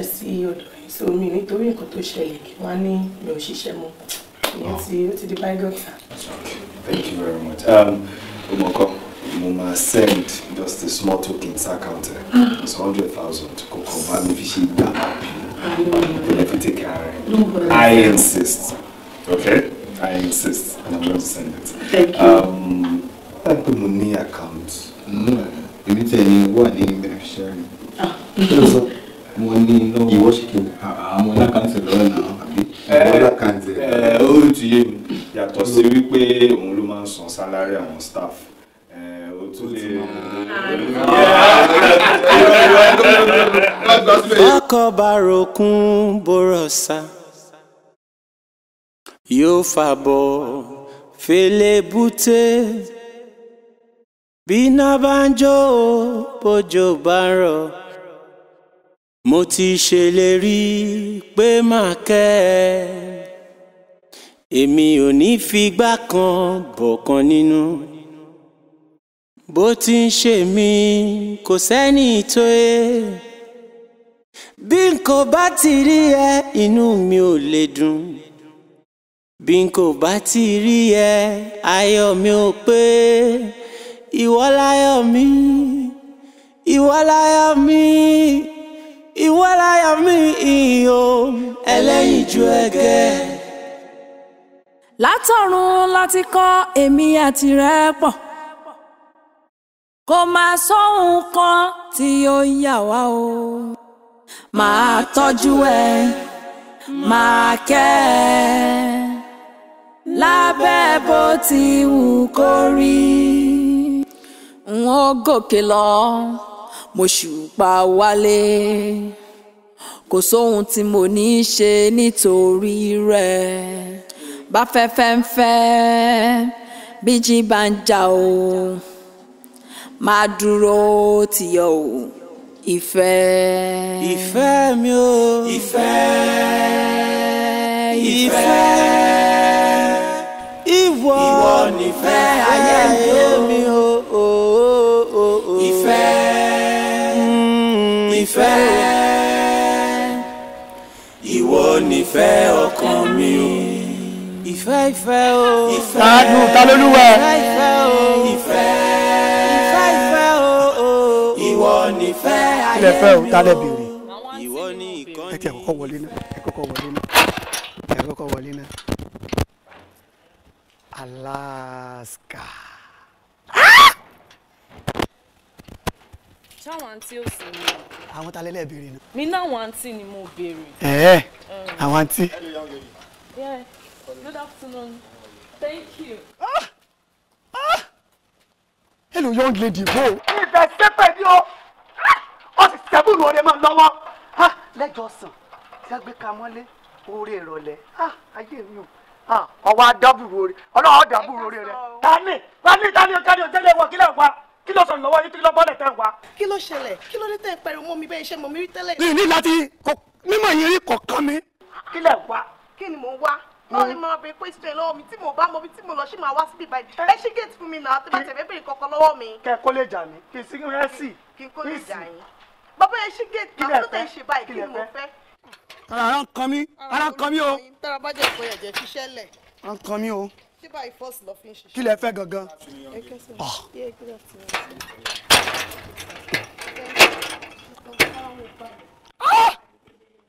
so mi nítorí nǹkan tó ṣẹlẹ̀ kí wọ́n á ní thank you very much. Um, mo máa send just a small token to our counter. Ah. it's hundred thousand kò kàn bá mi fi ṣe gbà bí take care rẹ I insist okay I insist and I'm going to send it. Thank you. Um, pé mo ní account. èmi tẹ̀ ni wà the beneficiary. Ah. kí ló sọ mo ní lọ́wọ́ ìwọ ṣe kí àwọn alákàntì lọ́wọ́ náà àbí àwọn alákàntì. Eh, eh, ó ti yé mi yàtọ̀ sí wípé òun ló máa ń san sálárì àwọn staff tún lè. ọkọ̀ ah, bá rokún bórọ̀sà yóò fàbọ̀ fèlè búté bíná bá ń jó o bójò mo ti ṣèlérí pé màá kẹ́ ẹ èmi ò ní figbá kan bọ̀kan nínú bó ti ń ṣe mí kò sẹ́ni tó e bí n kò bá ti rí ẹ inú mi ò lè dùn bí n kò bá ti rí ẹ ayọ̀ mi ò pé ìwọ láyọ̀ mi ìwọ láyọ̀ mi ìwọ láyọ̀ mi ìyó ẹlẹ́yinjú ẹ̀gẹ́. látọ̀run láti kọ́ èmi àti rẹ pọ̀ kò máa sóhun kan tí ó ń yà wá o. máa tọ́jú ẹ máa kẹ́ ẹ lábẹ́ bó ti wù kó rí. n ó gòkè lọ mo ṣùpá wálé kò sóhun tí mo ní í ṣe nítorí rẹ bá fẹ́fẹ́ ń fẹ́ bíjí bá ń jà o máa dúró tìyọ o ìfẹ́. ìfẹ́ mi o. ìfẹ́. ìfẹ́. ìwọ. ìwọ nìfẹ́ ayé mi o. ìfẹ́. Hmm. ìfẹ́. ìwọ nìfẹ́ ọkàn mi o. ìfẹ́ ìfẹ́ o. ìfẹ́. ta ló ìfẹ́ ìfẹ́ o. ìfẹ́. ilẹ̀ fẹ́ o tálẹ̀ bèrè ẹ ti àkọ́kọ́ wọlé náà ẹ kọ́kọ́ wọlé náà ẹ kọ́kọ́ wọlé náà Alaska. ṣáwọn àǹtí ò sí mi. àwọn talẹ́ lẹ́ẹ̀ bèrè náà. mi náà àwọn àǹtí ni mo bèrè. ẹ̀ẹ́ àwọn àǹtí. Yeah. Good afternoon. Thank you. Ah! Ah! Hello, young lady. Go. Ìfẹsẹ̀pẹ̀ ni o ó ti sẹ́bùnù ọ̀rẹ́ mọ́ lọ́wọ́ lẹ́jọ́ sàn tí a gbé ka mọ́lé oore ìrọ̀lẹ́ ayé mi o ọwọ́ adábùrú oore ọlọ́wọ́ adábùrú oore rẹ tani tani tani tani òjẹ́lẹ̀ wọ kílẹ̀ wá kí ló sọ̀rọ̀ lọ́wọ́ yìí kí ló bọ́lẹ̀ tẹ̀ wá. kí ló ṣẹlẹ̀ kí ló dé tẹ̀ pẹ̀lú mọ́ mi bẹ́ẹ̀ ṣe mọ̀ mi rí tẹ́lẹ̀. mi ní láti mímọ̀ yín rí kọ̀ọ̀kan mi. kí lẹ̀ wá. kí ni mò ń wá wọ́n hmm. lè máa bèrè pẹ́sìtẹ̀ lọ́wọ́ mi tí mo bá mọ bí tí mo lọ sí máa wá síbí báyìí eh. ẹ ṣí géètì fún mi náà tó bá tẹ̀ fẹ́ bèrè kankan lọ́wọ́ mi. kẹ kó lè jà mí kì í sí kí n rẹ́ sí. kí n kó lè jà yín bàbá yẹn ṣí géètì náà kí ló tẹ̀ ṣe báyìí kí ni mo fẹ́. ara ń kan mí ah, ara ń kan mí o. tára bá jẹ ìpò ẹ̀jẹ̀ fi ṣẹlẹ̀. ara ń kan mí o. tí báyìí fọ́ọ̀sì lọ fi ń ṣiṣẹ́. kí lẹ fẹ́ gangan.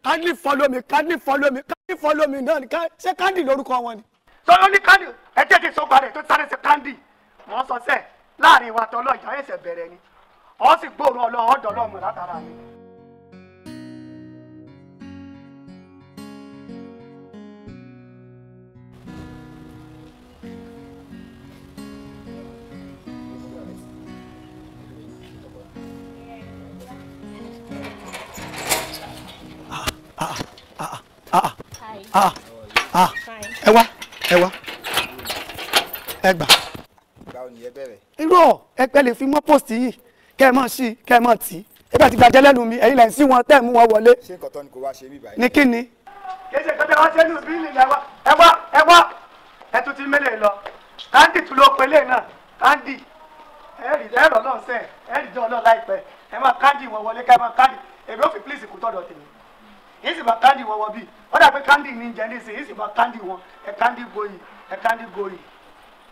Candy ah. ah! follow me Candy follow me Candy follow me náà ni ṣé Candy lórúkọ wọn ni. sọ́yọ́ ní Candy ẹ tètè sọ́gbà rẹ̀ tó sáré ṣe Candy mọ́ sọ́sẹ̀ láàrin wa tọ́lọ́ ìjà ẹ̀sẹ̀ bẹ̀rẹ̀ ni ọ sì gbòòrò ọlọ́ọ̀ ọ̀dọ̀ lọ́mọ látara mi. ah ah ẹ wá ẹ wá ẹ gbà. báwo ni ẹ bẹ̀rẹ̀. irọ́ ẹgbẹ́ lè fi mọ́ post yìí kẹ́ ẹ mọ̀ sí kẹ́ ẹ mọ̀ tí ebi àti gbàjẹ́ lẹ́nu mi ẹ̀yin lẹ́ ń sí wọn tẹ́ ẹ̀ mú wọn wọlé. ṣé nǹkan tó ni kò wá ṣe mí báyìí. ní kí ni. kéṣe kẹtẹ wá ṣe ní ìbí ilẹ̀ ẹ wá ẹ wá ẹ tún ti mélèé lọ kandi tún ló pelé náà kandi ẹ̀rì ẹ̀rọ náà sẹ̀ ẹ̀rì jọ náà láìpẹ́ ẹ máa kandi wọn wọlé ká máa kandi èmi ò fi pílíìsì kú tọ̀dọ̀ tèmi yìí sì máa kandi wọn wọ bí ó dà pé kandi ní jẹ ní ìsìn yìí sì máa kandi wọn ẹ kandi goyì ẹ kandi goyì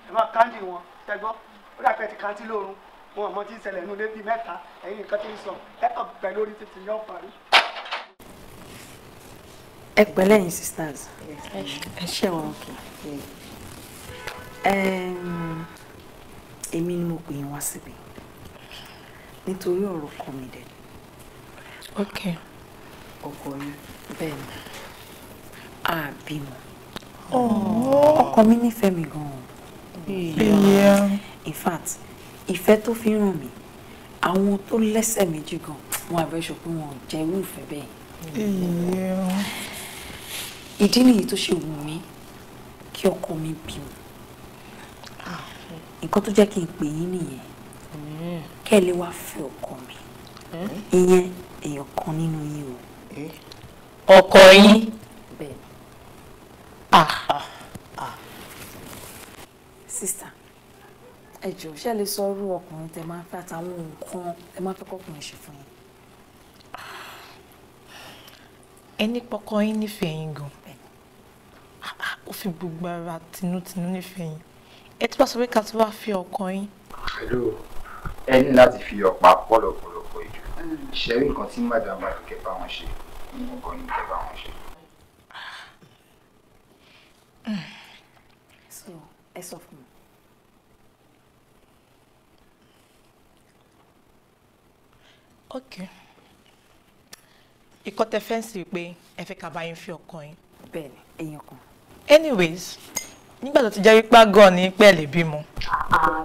ẹ máa kandi wọn ṣẹgbọ́ ó dà pé ẹ ti kandi lóorun wọn mọ tí ń ṣẹlẹ̀ nínú lébí mẹ́ta ẹ̀yin nìkan tí ń sọ ẹ kàn pẹ̀ lórí títí yọ parí. ẹ pẹ̀lẹ́ yín sisters ẹ ṣe wọn òkè èmi ni mo pè yín wá síbi nítorí ọ̀rọ̀ kan mi dẹ̀. ok. ọkọ yín bẹ́ẹ̀ ni a bímọ. Oh. ọkọ mi nífẹ̀ẹ́ mi gan-an. in fact ìfẹ́ tó fi ràn mí àwọn tó lẹ́sẹ̀ méjì gan wọn àbẹ̀ṣọ pé wọn ò jẹ́ irú ìfẹ́ bẹ́ẹ̀. ìdí nìyí tó ṣe wù mí kí ọkọ mi bí mi ah. nǹkan tó jẹ́ kí n pè yín nìyẹn kẹ́ ẹ lè wá fẹ́ ọkọ mi eh? ìyẹn èèyàn kan nínú yín o. Eh? ọkọ yín ah. ah, sísá ẹ jọ̀ọ́ ṣé lè sọ irú ọkùnrin tẹ máa ń fẹ́ àtàwọn nǹkan ẹ máa fẹ́ kọkùnrin ṣe fún yín. ẹni pọkọ yín nífẹ̀ẹ́ yín gan ó fi gbogbo ara tinútinú nífẹ̀ẹ́ yín ẹ tí wàá sọ pé ká tí wàá fi ọkọ yín. pẹ̀lú ẹ láti fi ọ̀pá pọ̀lọ̀pọ̀lọpọ̀ ìjọ mm. ṣẹ́rí nǹkan tí mádàmá kẹ bá wọn ṣe nǹkan ní kẹ bá wọn ṣe. ẹ sọ fún mi okay ìkọ́ tẹ fẹ́ǹsì pé ẹ fẹ́ ká bá yín fi ọkàn yín. bẹ́ẹ̀ni èèyàn kan. anyways nígbà tó ti jẹ́ wípé àgọ́ ní pẹ̀lẹ́ bímọ.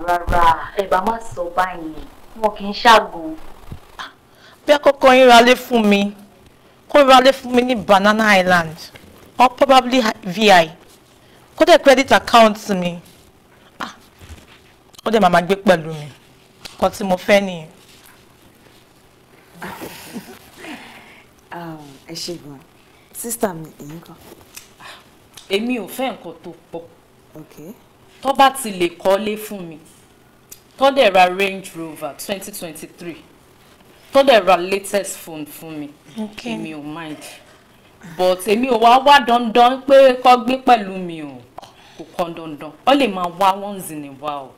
rárá ẹ bá má sọ báyìí wọn kì í ṣàgùn. bí àkọ́kọ́ yín ra lé fún mi kó ra lé fún mi ní Banana Island or probably VI kó dẹ̀ credit account mi ah, ó dẹ̀ máa ma gbé pẹ̀lú mi kọ́ tí mo fẹ́ nìyẹn ẹ ṣe gan sísítà mi èyí kan. èmi ò fẹ́ nǹkan tó pọ̀ tó bá ti lè kọ́lé fún mi tó dẹ̀ ra Range Rover twenty twenty three tó dẹ̀ ra latest phone fún mi èmi ò mind but èmi ò wá wá dandan pé kó gbé pẹ̀lú mi o kò kàn dandan ó lè máa wá once in a while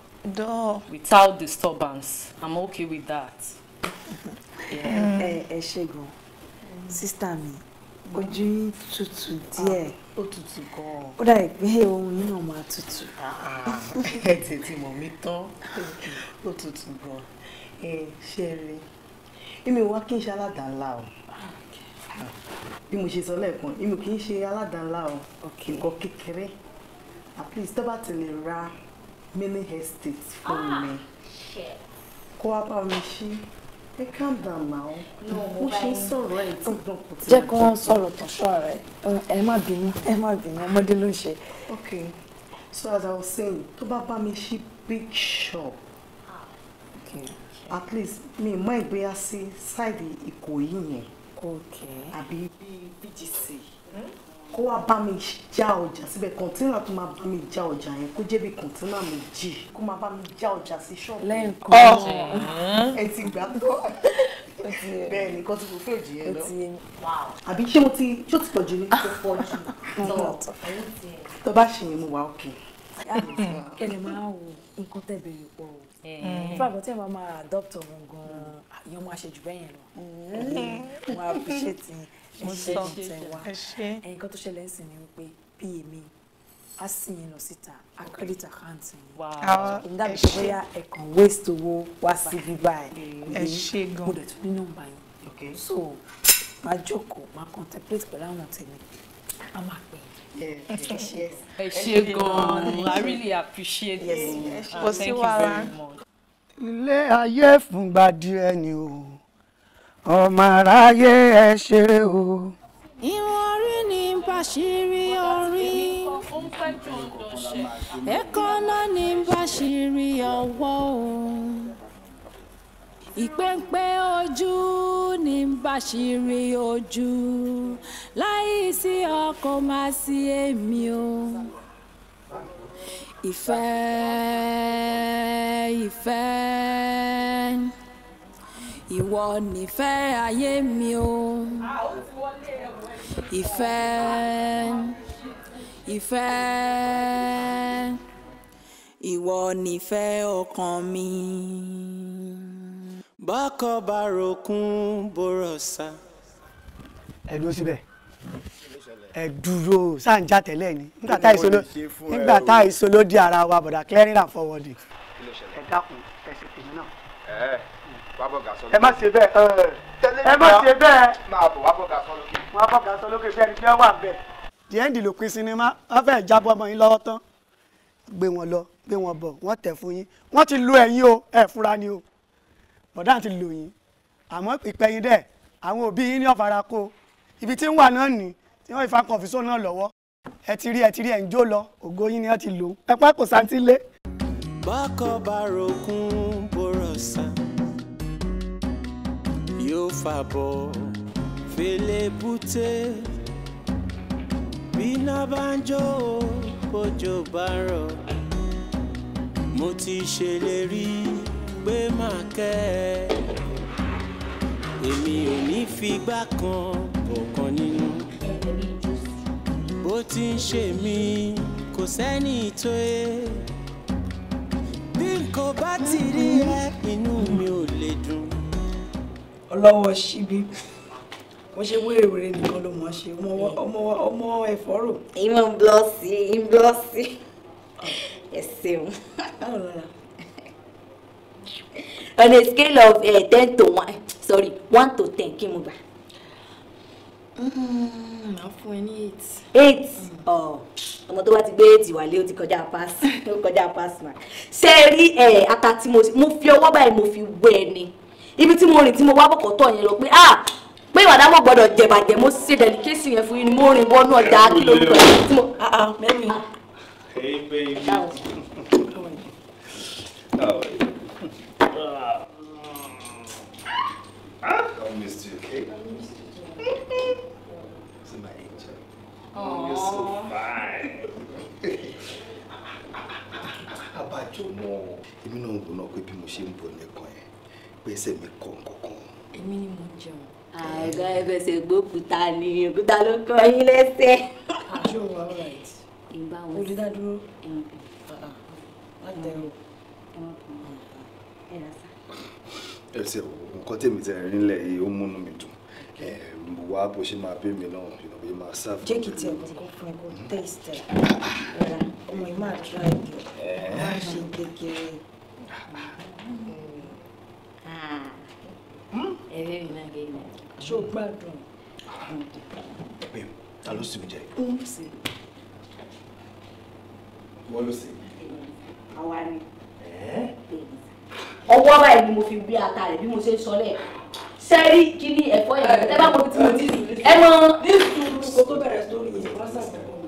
without disturbance I'm okay with that. Mm. ẹ ẹ ṣe gan mm. sísítà mi mm. ojú yín tutù díẹ̀ ah, ó tutù gan ó dà pé ohun yín náà máa tutù. Ah, ẹ tètè mọ̀ mí tán ó tutù gan ẹ ṣe rí èmi wá kí n ṣe aládàá-ńlá o bí mo ṣe sọ lẹ́ẹ̀kan èmi kì í ṣe aládàá-ńlá o nǹkan kékeré at least tó bá ti lè ra mini estate fún mi ah, kó wá bá mi ṣí ẹ calm down now mo ṣe ń sọ̀rọ̀ ẹ̀ tí gbọ́n kò tí. jẹ́ kí wọ́n sọ̀rọ̀ tán ṣọ́ rẹ̀ ẹ má bínú ẹ má ok so as i was saying tó bá bá mi ṣí big shop okay. at least me, mi mọ ìgbéyà sí ṣáìdì ìkòyí yẹn àbí bíi bgc. Hmm? kó wá bá mi já ọjà síbẹ̀ kọ̀ǹtínà tó máa bá mi já ọjà yẹn kó jẹ́ bí kọ̀ǹtínà méjì kó máa bá mi já ọjà sí ṣọ́ọ̀bù. lẹ́yìn kan ẹ ti gbà tó bẹ́ẹ̀ ni kọ́tù kò fẹ́ òjì yẹn lọ àbí ṣé mo ti ṣó ti pọ̀jù ní kó pọ̀ jù tó bá ṣe yẹn mo wà òkè. kẹlẹ máa wo nǹkan tẹ bẹ̀rẹ̀ pọ̀ o fún àgbọn tí wọn máa adopt ọmọ gan-an yóò máa ṣe jù bẹ́ẹ̀ yẹn lọ mm-hmm mo tó ṣẹlẹ̀ ń ni wípé pa mi a sì yín lọ síta a credit account yín ìdá mi ṣe bóyá ẹ̀kan waste owó wá sí bíbá ẹ̀ ṣe mo dẹ̀ tún ní nọ́mbà yín so máa jókòó máa contemplate pẹ̀lú àwọn tèmi a máa pè é ẹ ṣé gan-an I really appreciate you. Uh, kò sí wàhálà. ilé ayé fúngbà díẹ̀ ni o ọmọ aráyé ẹ ṣe o. ìwọ̀n orí ni bàṣírí orí ẹ̀kọ́ náà ni bàṣírí ọwọ́ o ìpẹ́ǹpẹ́ ojú ni bàṣírí ojú láì sí ọkọ̀ máa sí èmi o ìfẹ́ ìfẹ́ ìwọ nìfẹ́ ayé mi o ìfẹ́ ìfẹ́ ìwọ nìfẹ́ ọkàn mi. bákọ̀ bá rokún borọ̀ sá. ẹ dúró síbẹ̀ ẹ dúró sáǹjà tẹ́lẹ̀ ni nígbà tá ìsolódì ara wa bọ̀dà clearing and forwarding ẹ dákun ẹ sì tèmi náà ẹ má ṣe bẹ́ẹ̀ ẹ má ṣe bẹ́ẹ̀ wà á bọ̀gà sọ lókè bí ẹni tí wọ́n wà bẹ́ẹ̀. di end ló pin sinimá wọ́n fẹ́ẹ́ jábọ́ ọmọ yín lọ́wọ́ tán gbé wọn lọ gbé wọn bọ̀ wọ́n tẹ̀ fún yín wọ́n ti lo ẹ̀yin o ẹ̀ fura ni o bọ̀dá ti lò yín àmọ́ ìpẹ́yìn dẹ̀ àwọn òbí yín ní ọ̀fara kó ibi tí ń wà náà nì tí wọ́n ìfà kọ̀fíṣọ́ náà lọ́wọ́ ẹ ti rí ẹ ti rí ẹ ń jó lọ ògo yín ni wọ́n ti lò ẹ pákó santílé. bákọ̀ bá rokún bóró sàn yóò fàbọ̀ fèlè búté bíná bá ń jó bójò bá rọ̀ mo ti ṣèlérí pé màá kẹ́ ẹ èmi ò ní figbá kan bọ̀kan nínú bó ti ń ṣe mí kò sẹ́ni tó yẹ bí n kò bá ti rí ẹ inú mi ò lè dùn ọlọ́wọ́ síbí wọ́n ṣe wéèrè nìkan ló mọ̀ ṣe ọmọ ẹ̀fọ́rò. ìmọ̀ ń blọ́ sí ń blọ́ sí ẹ ṣeun. on a scale of uh, ten to one sorry one to ten kí mo gbà. Hmm, màá fún ẹ ní eight. eight hmm. oh, ọmọ tó bá ti gbé eight wálé ó ti kọjá pass ó kọjá pass ma ṣé ẹ rí ẹ eh, ata tí mo fi ọwọ́ báyìí mo fi wé ni ibi tí mo rìn tí mo wá bọ̀kọ̀ tọ̀ yẹn lọ pé ah pé ìwà dámọ̀ gbọ́dọ̀ jẹ̀bàjẹ́ mo ṣe dẹ̀líkẹ́sì yẹn fún yín ni mo rìn wọnú ọjà kílò lùkọ̀ tí mo ah Hey baby. How Ah, I missed you, Oh, náà ń bọ̀ náà pé bí mo ṣe ń bọ̀ lẹ́kọ̀ọ́ pèsè mi kọ nǹkan. èmi ni mo jẹun. àìgbà ẹfẹsẹ̀ gbókúta ni òkúta ló kọ yín lẹ́sẹ̀. àjọ wa all right. ìgbà wo olùdádúró. ẹ ah, ah. ṣe nǹkan tèmi tẹ rí nílẹ̀ yìí ó múnú mi dùn mo wá bó ṣe máa bí mi náà ìnáwó yìí máa sáfù. jẹ́ kí tiẹ̀ kọ́kọ́ fún ẹ kó tẹ́sítẹ̀ rárá ah, ọmọ yìí máa dúrà ìgbẹ́ máa ṣe kékeré ẹ̀rẹ́ mi náà gé iná. ṣó gbádùn. pé ta ló sì ń jẹ. ó ń sè. wọ́n ló sè. àwa ni. ọwọ́ báyìí ni mo fi gbé ata rẹ̀ bí mo ṣe ń sọ lẹ́ẹ̀kan sẹ́rí kíní ẹ̀fọ́ yẹn ẹ bá mo ti mo ti ẹ mọ. ní sùúrù kó tó bẹ̀rẹ̀ sórí yẹn wọ́n ṣàkóso.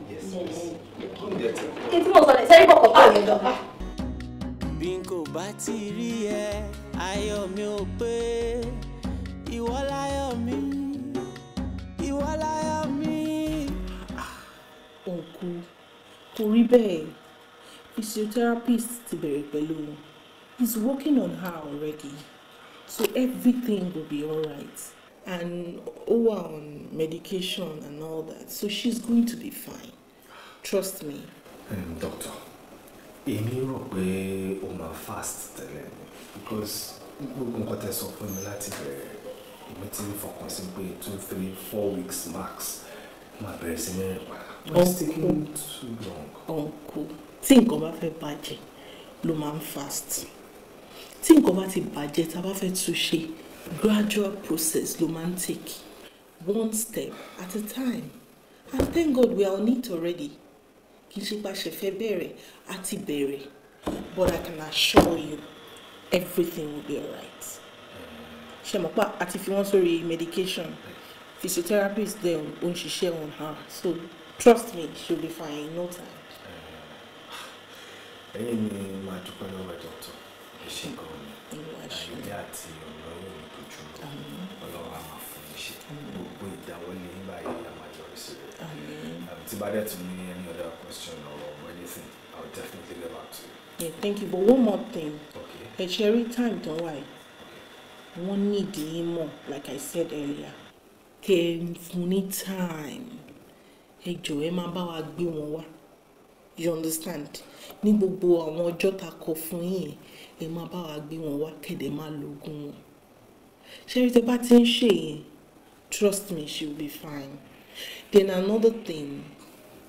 kí n tí mo sọ lẹ̀ sẹ́rí kọ̀ọ̀kan ah. tó lọ. bí n kò bá ti rí ẹ ayọ̀ mi ò pé ìwọ láyọ̀ mi ìwọ láyọ̀ mi. ọ̀nkú kò rí bẹ́ẹ̀ physiotherapist ti bẹ̀rẹ̀ pẹ̀lú he's working on her already so everything will be alright and ó on medication and all that so she's going to be fine trust me. Um, doctor èmi rò pé o máa fast tẹ́lẹ̀ because gbogbo nǹkan tẹ́ sọ fún mi láti bẹ̀rẹ̀ èmi ti ń fọkàn sí pé two three four weeks max máa bẹ̀rẹ̀ sí mẹ́rin pa it's taking too long. ọ̀nkù tí nǹkan bá fẹ́ bàjẹ́ ló máa ń fast tí nǹkan bá ti bàjẹ́ tá a bá fẹ́ tún ṣe gradual process ló máa ń take one step at a time and thank God we are on it already kì í ṣe pa ṣẹ̀fẹ̀ bẹ̀rẹ̀ àti bẹ̀rẹ̀ but I can assure you everything will be alright ṣe mọ̀ pa àti fi wọ́n sórí medication physiotherapist there when she share on her so trust me she'll be fine in no time. ẹ̀yin ni màá dúpẹ́ lọ́wọ́ dọ́tọ̀ ẹ ṣe gan ni àyọ̀dé àti ọ̀nà yóò ní dojú ọlọ́wọ́ a máa fún gbogbo ìdáwọ́lé nígbà yìí a máa yọrí sí rẹ̀ tí bá dẹ̀ tún ní any other question or anything I'll definitely get back to you. Yeah, thank you but one more thing but ṣe time tó I? yìí need nídìí mọ̀ like i said earlier kẹ fún ní time ẹ jọ̀ọ́ ẹ máa bá wa gbé wọn you understand Ni gbogbo àwọn ọjọ́ ta kọ fún yìí ẹ máa bá wa gbé wọn wá kẹ̀dẹ̀ máa lògùn wọn ṣé rí tẹ bá ti trust me she will be fine then another thing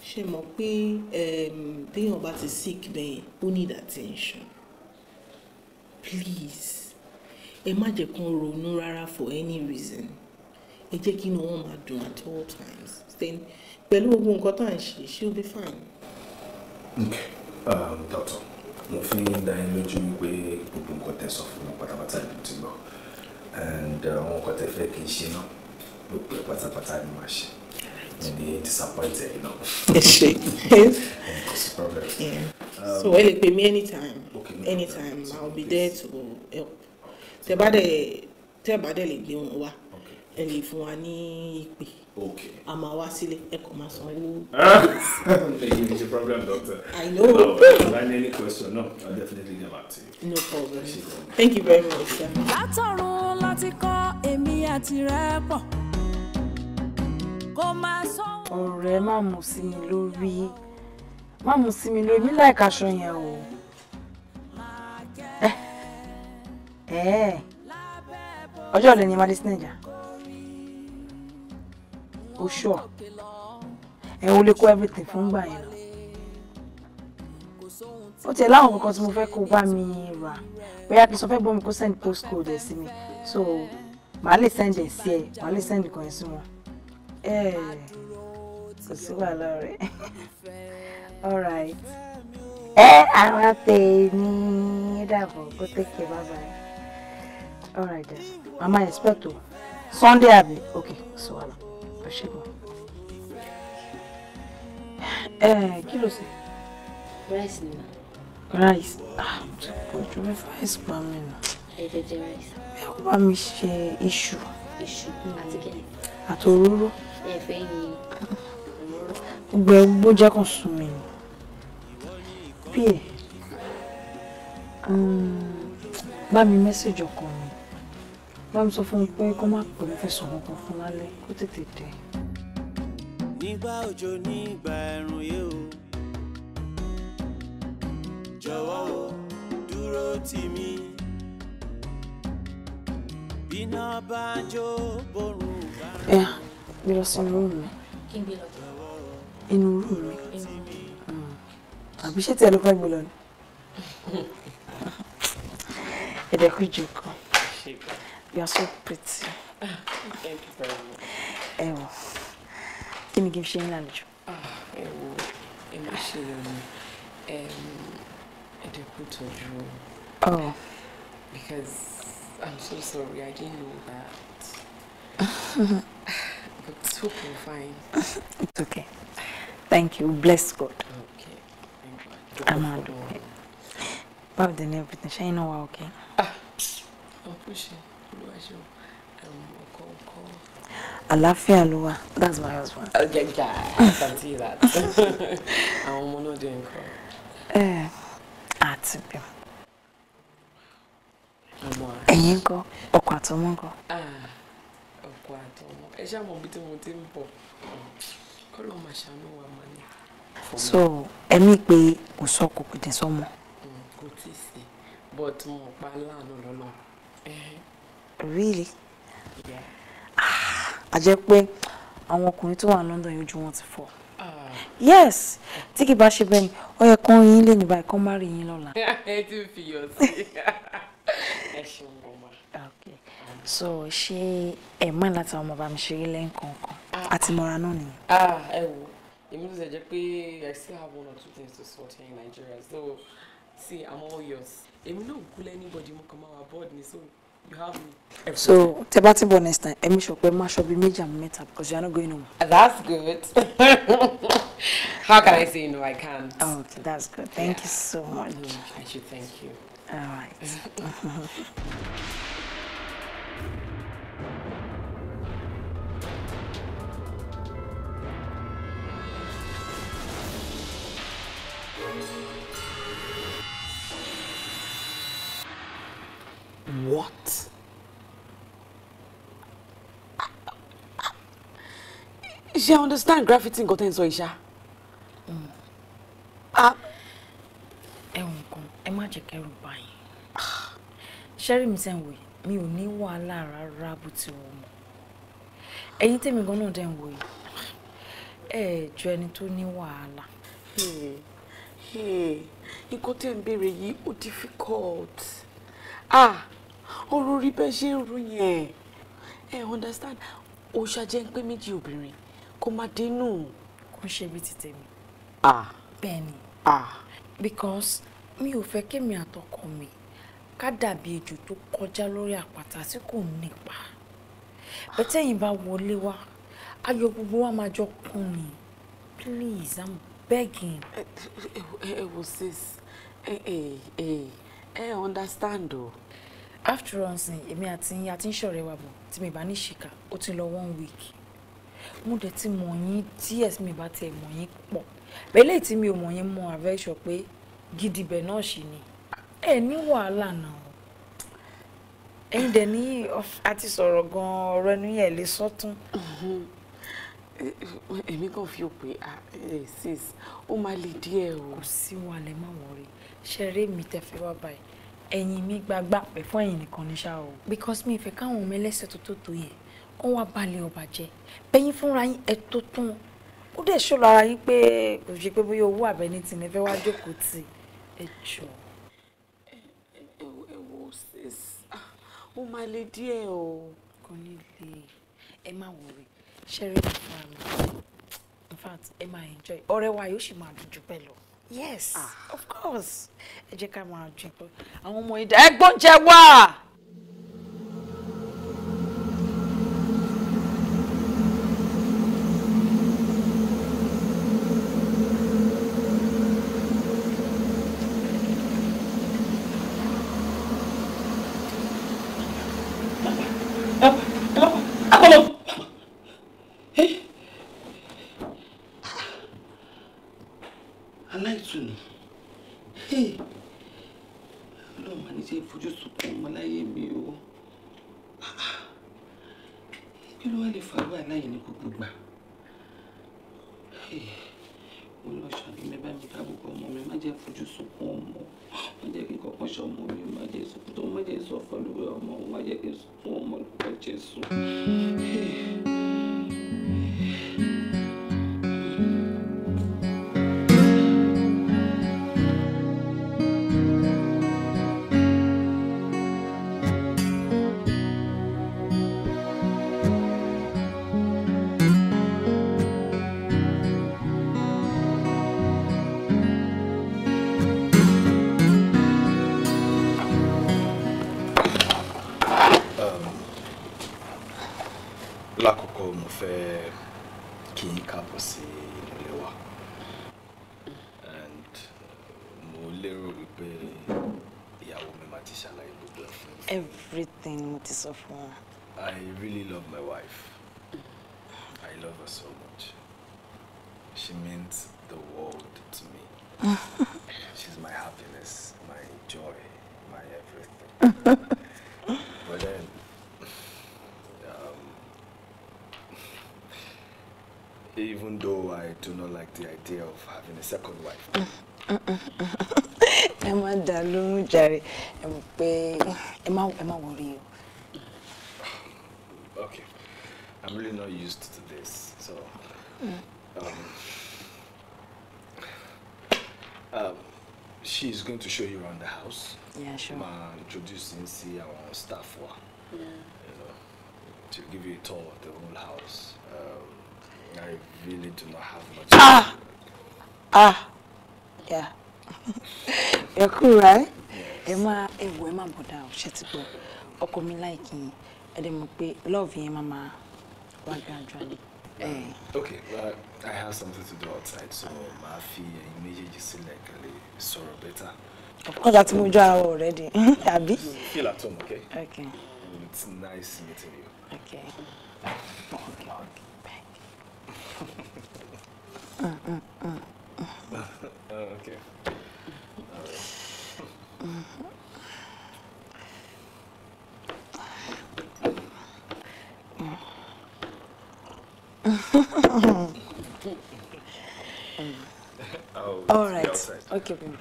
she ṣe mọ̀ pé ehm, téèyàn bá ti sick bẹ́ẹ̀ ó need attention please ẹ má jẹ́ kán ronú rárá for any reason ẹ jẹ́ kí inú wọn máa dùn at all times then pẹ̀lú gbogbo nǹkan tá à ń ṣe she'll be fine. okay um, doctor mo fi ń dá yín lójú wípé gbogbo nǹkan tẹ́ sọ fún mi pátápátá ìlú ti gbọ́ and uh, àwọn nǹkan tẹ́ fẹ́ kí n ṣe náà gbogbo pátápátá ni màá ṣe ẹni disappoint ẹ náà. ẹ ṣe. kò Yeah. Um, so ẹ lè pè mí anytime okay, no anytime problem. so, I will be there to help tẹ bá dẹ tẹ bá dẹ lè gbé wọn wá ẹ lè fún wa ní ìpè a máa wá sílé ẹ kò máa san problem doctor. I know. ọ̀la ní any question no I definitely get back to you. no problem thank you very much. látọ̀run láti kọ́ èmi àti rẹ̀ ọ̀rẹ́ má mú sí mi lórí má mú sí mi lórí mi láìka aṣọ yẹn o eh, eh. ọjọ́ ọ̀lẹ́ ni madé sí nàìjà oṣù ọ̀ ẹ̀ wọlé kó everything fún gbà yẹn lọ ó tiẹ̀ láwọn kankan tí mo fẹ́ kó bá mi rà bóyá kí n sọ fẹ́ gbọ́ mi kó send postcode ẹ̀ sí mi so màá lè send ẹ̀ sí ẹ màá lè send kan sí wọn. Eh, kò sí wàhálà rẹ̀ alright ẹ ara tèmi dàbọ̀ kó tẹ̀kẹ̀ bàbá rẹ̀ alright then mama expect o sunday abi ok kò sí wàhálà ẹ ṣe bọ̀ ẹ kí ló ṣe. rice ni ma. rice ah ojú mi fa rice pa mi nà. ẹ jẹjẹ rice. ẹ kó bá mi ṣe iṣu. iṣu àti kẹ́lẹ́. àti òróró gbogbo jẹ́ kó sùn mí píè um, bá mi mẹ́sẹ̀jì ọkọ mi bá mi sọ fún mi pé kó má pè mí fẹ́ sọ kankan fún lálẹ́ kó tètè dé. nígbà òjò nígbà ẹ̀rùn yé o jọ̀wọ́ o dúró tì mí bíná bá jó borun bá gbé lọ sínú rúùmù mi. kí n gbé lọ jù. inú rúùmù mi. àbí ṣé tí ẹ ló fẹ́ gbé lọ ni. ẹ̀dẹ̀ kú jókòó. you are so pretty. thank you very much. Ewo. wọ kí ni kí n ṣe Ewo. lálejò. ẹ wo ẹ má ṣe lọ ni ẹ̀dẹ̀ kú tọ́jú o. because I'm so sorry I didn't know that. It's hoping fine. it's okay. Thank you. Bless God. Okay. Thank God. Amen. Bob, then everything. Shall I know why, okay? Ah. Oh, push it. Àlàáfíà ló wà. That's my husband. Oh, yeah, yeah. I can see that. Àwọn ọmọ náà dẹ̀ ń kọ́. Ẹ eh, àti bí. Ẹ̀yin kọ́, ọkọ Ah ọkọ àti ọmọ ẹ ṣàmọ mo ti ń bọ̀ kọlọ máa ṣàánú wa máa ní. so ẹ̀mí pé kò sọ́kò kò dé sọ́mọ. kò mm, tí ì sí but mo pa láàánú lọ́lọ́. really? yeah. Ah, a jẹ́ pé àwọn ọkùnrin tó wà London yóò ju wọn ti fọ́ ah. yes tí kì bá ṣe bẹ́ẹ̀ ni ó yẹ kán yín lè ní báyìí kán má rí yín lọ́la. so ṣé ẹ mọ̀ láti ọmọ bá mi ṣeré lẹ́ǹkọ̀ọ̀kan ah. àti mọ́ra náà nìyẹn. Ah, ẹ wo èmi ló ṣe jẹ́ pé I still have one or two things to sort here in Nigeria so see I'm all yours èmi náà kú lẹ́ anybody mo kàn máa wà board ni so you have me. so tẹ bá ti bọ̀ next time èmi sọ pé má ṣọ bí méjì àmì mẹ́ta because you are not going home. that's good how can I say no I can't. oh okay, that's good thank yeah. you so much. Mm, I should thank you. all right. What? She understand graffiti got in Soisha. Ah, ìṣá? Ẹ̀wọ̀n kan, ẹ má jẹ́ kẹ́rù báyìí. Ṣẹ́rí mi tẹ́ ń wò yìí, mi ò ní wàhálà rárá bó ti wọ̀ mọ́. Ẹ̀yin tèmi gan náà dẹ̀ ń wò yìí. Ẹ jọ ẹni tó difficult. Ah! ọ̀rọ̀ rí bẹ́ẹ̀ ṣe rú yẹn ẹ understand ó ṣàjẹ́ ń pé méjì obìnrin kó má dínú. kò ń ṣe bí ti tèmi. bẹ́ẹ̀ ni because mi ò fẹ́ kémi àtọkọ mi ká dàbí ejò tó kọjá lórí àpáta tí kò nípa bẹ́tẹ̀yìn bá wọlé wá ayọ̀ gbogbo wa máa jọ kún ni please i'm begging. ẹ ẹ wo sis ẹ ẹ ẹ understand o. Oh after all sin èmi àti yín àti ń ṣọ̀rẹ́ wa bọ̀ tí mi bá ní ṣìkà ó ti lọ one week mo dẹ̀ ti mọ̀ yín díẹ̀ mi bá tiẹ̀ mọ̀ yín pọ̀ bẹ́lẹ̀ tí mi ò mọ̀ yín mọ àvẹ́ṣọ pé gidigbe náà ṣì ni ẹ ní wàhálà náà ẹ̀yin dẹ̀ ní àti sọ̀rọ̀ gan-an ọ̀rọ̀ ẹnu yẹn lè sọ́tún. èmi kàn fi òpè sis ó máa le díẹ̀ o. kò sí wàhálà ẹ má wọrí ṣe mi tẹ fẹ́ wá báyìí ẹ̀yìn mi gbagba pẹ̀ fún ẹ̀yìn nìkan ní ṣá o. because mi ìfẹ́ káwọn ọmọ ẹlẹ́sẹ̀ tó tó tó yẹn kó wá balẹ̀ ọba jẹ bẹ́yìn fúnra yín ẹ tó tún ó dẹ̀ ṣòro ara yín pé kò ṣe pé bóyá owó àbẹ̀ni tì ní fẹ́ wá jókòó tì ẹ jọ. ẹ wo sis ah, ó máa le díẹ̀ o. kò ní lè ẹ má wọrí ṣẹ́rẹ́ ìfúnra mi in fact ẹ máa enjoy ọ̀rẹ́ wa yóò sì máa dùn jù bẹ́ẹ̀ lọ yes ah. of course ẹ jẹ́ ká máa jẹun àwọn ọmọ ìdá ẹgbọ́n jẹ wá. jẹ́ fojú sunkún ọmọ má jẹ́ kí nǹkan kan ṣe ọmọ mi má jẹ́ sunkún tó fẹ́ kí n káàbọ̀ sí ilé wa and uh, mo lérò wípé ìyàwó mi máa ti ṣàlàyé gbogbo ẹ̀ everything mo ti sọ fún wọn. I really love my wife I love her so much she means the world to me she's my happiness my joy my everything. Even though I do not like the idea of having a second wife. I'm a lóhùn jàre, ẹ mọ̀ pé ẹ má ẹ má worry o. Okay, I'm really not used to this, so. Um, um, she's going to show you around the house. Yeah, sure. Ma introduce Nancy, our staff. Yeah. You know, to give you a tour of the whole house. Um, I really do not have much. Ah! Ah! Yeah. You're cool, right? Ẹ Emma, Emma, wò ẹ máa bọ̀dá ọ̀ ṣe ti gbọ́. Ọkọ mi láìkí yín. Ẹ dẹ̀ mọ̀ pé lọ́ọ̀fù yẹn um, eh. Okay, well, I have something to do outside, so màá fi ẹ̀yin méjèèjì sílẹ̀ kí n better. Of course, mú ojú ara already, àbí? Feel at home, okay? Okay. It's nice meeting you. Okay. Okay. okay. Ah, okay. All right. Okay, baby.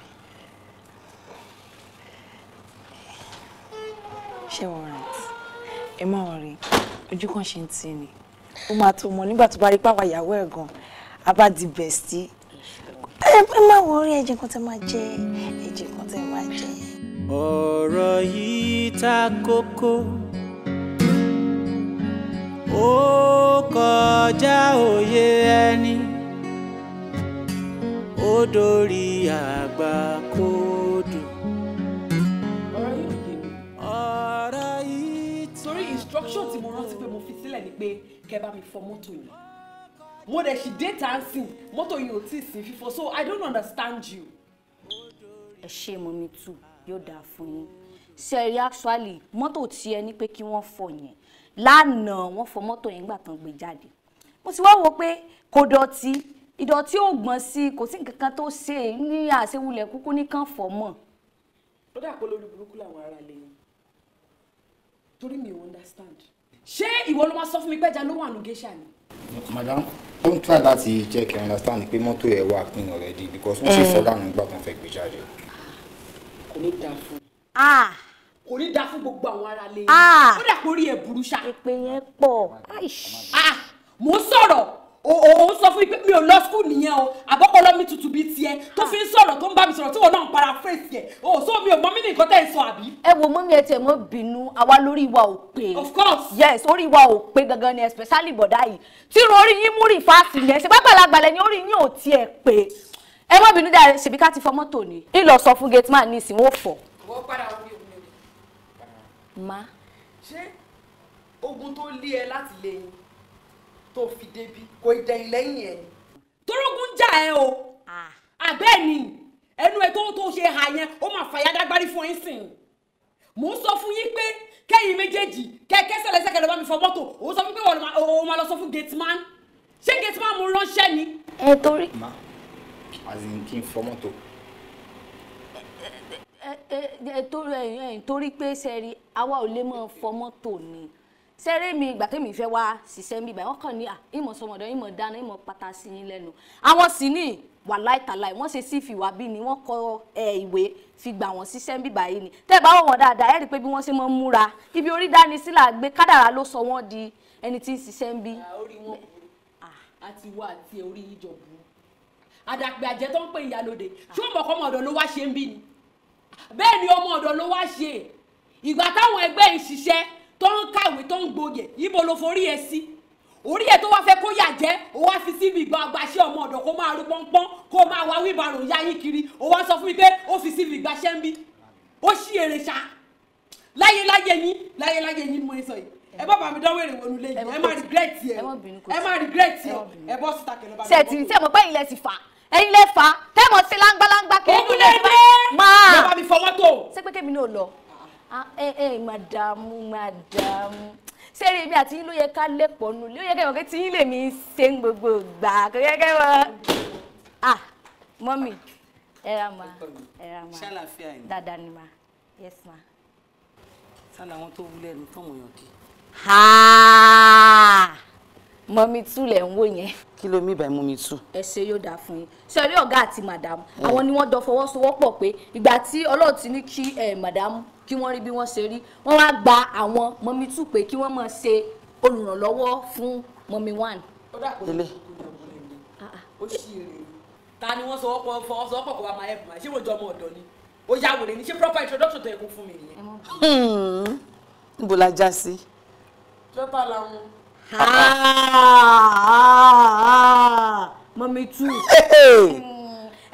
She wọ́n rẹ̀? Ẹ worry. wọrí, ojú kan to ń tì ó máa tó mọ nígbà tó bá rí pàwọ̀ ìyàwó ẹ̀ gan a bá di bestie ẹ má wọrí ẹ̀jẹ̀ kan tẹ́ máa jẹ ẹ̀jẹ̀ kan tẹ́ máa jẹ. ọ̀rọ̀ yìí ta kókó ó kọjá òye ẹni ó dórí àgbà. fẹ́ bá mi fọ mọ́tò yìí mo dẹ̀ ṣì dé tansin mọ́tò yìí ò tí ì sí fífọ so i don't understand you. ẹ ṣe mọ mi tù yóò dáa fún yín ṣe rí actually mọ́tò tí ẹ ní pé kí wọ́n fọ yẹn lánàá wọ́n fọ mọ́tò yẹn nígbà tán gbé jáde mo ti wá wo pé kò dọ̀tí ìdọ̀tí ò gbọ́n sí kò sí nǹkan kan tó ṣe ní àṣewulẹ̀ kúkú nìkan fọ̀ mọ́. ó dà pé lórí burúkú làwọn ará lè torí mi ò understand ṣé ìwọ ló máa sọ fún mi pẹ́jà ló wà nù géṣà ni. madam ó ń try láti jẹ́ kí n understand pé mọ́tò ẹ̀ wà pin already because wọ́n ṣe sọ dànù mm. nígbà tó ń fẹ́ gbé jáde. kò ní dáa fún. Ah. kò ní dáa fún gbogbo àwọn ará lẹ́yìn. Ah. ó dà pé orí ẹ̀ burú ṣá. ìpè yẹn pọ̀. Ah, mo sọ̀rọ̀ òun sọ fún mi pé mi ò lọ skul nìyẹn o àbọ̀pọ̀lọ́ mi tutù bíi tiẹ̀ tó fi ń sọ̀rọ̀ tó ń bá mi sọ̀rọ̀ tí wọn náà ń paraphrase yẹ o so mi ò mọ mí ní nǹkan tẹ́ ẹ sọ àbí. ẹ wo mọ́mí ẹ tiẹ̀ mọ́ bínú àwa lórí wa ò of course. yes orí wa ò pé gangan ni especially bọ̀dá yìí tí irun orí yín mú rí fáàsì yẹn ṣe pápálàgbàlẹ̀ ni orí yín ò tiẹ̀ pé. ẹ mọ́ bínú dáre ṣèbí ká ti fọ mọ́tò ni ń lọ sọ ma. ṣé ogun tó lé ẹ láti lé yín tó fi débi kò dẹ̀yìn lẹ́yìn ẹ̀. torógún jà ẹ o àbẹ́ẹ̀ ni ẹnu ẹ tó tó ṣe hà yẹn ó máa fàyà dágbárí fún ẹ sìn mò ń sọ fún yín pé kẹ́yìn méjèèjì kẹ́kẹ́ sẹ̀lẹ́sẹ̀ kẹ́lẹ́ bá mi fọ mọ́tò òun sọ fún pé òun máa lọ sọ fún gateman ṣé gateman mo ránṣẹ́ ni. ẹ torí. ma azin kí n fọ mọ́tò. ẹ ẹ ẹ torí pé sẹ́ẹ̀rì àwa ò lè máa fọ mọ́tò ni sẹ́rẹ́ mi ìgbà tẹ́mi fẹ́ wá ṣiṣẹ́ ń bíbá wọ́n kàn ní à ah, ìmọ̀ sọmọdọ̀ ìmọ̀ dáná ìmọ̀ pátá sí yín lẹ́nu àwọn sì ní wà láìtàláì wọ́n ṣe sí ìfìwà bí ni wọ́n kọ ìwé fi gbà wọ́n ṣiṣẹ́ ń bíbá yìí ni tẹ́ ẹ bá wọ̀ wọ́n dáadáa ẹ rí i pé bí wọ́n ṣe máa ń múra ibi orí dání sílà gbé kádàrá ló sọ wọ́n di ẹni tí ń ṣiṣẹ́ ń bí. orí wọn àti ah. wá àti orí yìí jọ burú àdàpè àjẹ tó ń pè ìyálòdè ṣé ọmọ ọkọ ọmọ ọ̀dọ̀ ló wá ṣe ń bí ni bẹ́ẹ̀ ni ọmọ ọ̀dọ̀ ló wá ṣe ìgbà táwọn ẹgbẹ́ yìí tó ń kàwé tó ń gboyè ibo ló forí ẹ sí orí ẹ tó wá fẹ́ kó yà jẹ ó wá fi síbi ìgbà àgbàṣe ọmọ ọ̀dọ̀ kó máa rú pọ́npọ́n kó máa wá wíbarò yáyí kiri ó wá sọ fún mi pé ó fi síbi ìgbàṣẹ ń bí ó ṣí èrè ṣá láyéláyé yín láyéláyé yín mo ń sọ yìí ẹ bá bàmí dánwò èrè wọnú lẹ́yìn ẹ má regret yẹ ẹ má regret yẹ ẹ bọ́ síta kẹlẹ́ bá mi. sẹ́ẹ̀tì tí ẹ mọ̀ pé ilẹ̀ ti fà ẹ̀yin lè fà tẹ́mọ̀ sí láńgbáláńgbá kẹ́ẹ́ Ah, eh, eh, madam, madam. sẹ́rí ibi àti yín ló yẹ ká lè pọ̀ nù ló yẹ kẹ́wọ̀n kí tí yín lèmi ṣe ń gbogbo gbà kó yẹ kẹ́wọ̀n ah mọ́mì ẹ ra ma ẹ ra ma ṣàlàfíà ni ma yes ma. sálà àwọn tó wúlẹ̀ ní tọ̀wọ̀n yàn kí. mọ́mì tú lẹ̀ ń wò yẹn. kí ló mí báyìí mọ́mì tú. ẹ ṣe yóò dáa fún yín sẹ́rí ọ̀gá àti màdàmú àwọn ni wọ́n jọ fọwọ́sowọ́pọ̀ pé ìgbà tí ọlọ́ọ̀tì ní kí màdàmú kí wọ́n rí bí wọ́n ṣe rí wọ́n wá gba àwọn mọ́mí tù pé kí wọ́n máa ṣe olùrànlọ́wọ́ fún mọ́mí one. ó dà pé ó ṣì rè é ta ni wọ́n sọ ọkọ̀ fọwọ́ sọ ọkọ̀ kò wá máa ẹ̀ bùnmá ṣé mo jọ ọmọ ọ̀dọ́ ni ó yá wèrè ní ṣé proper introduction tó yẹ kó fún mi nìyẹn. Hmm. níbo la já sí. jọba làwọn. mọ́mí tù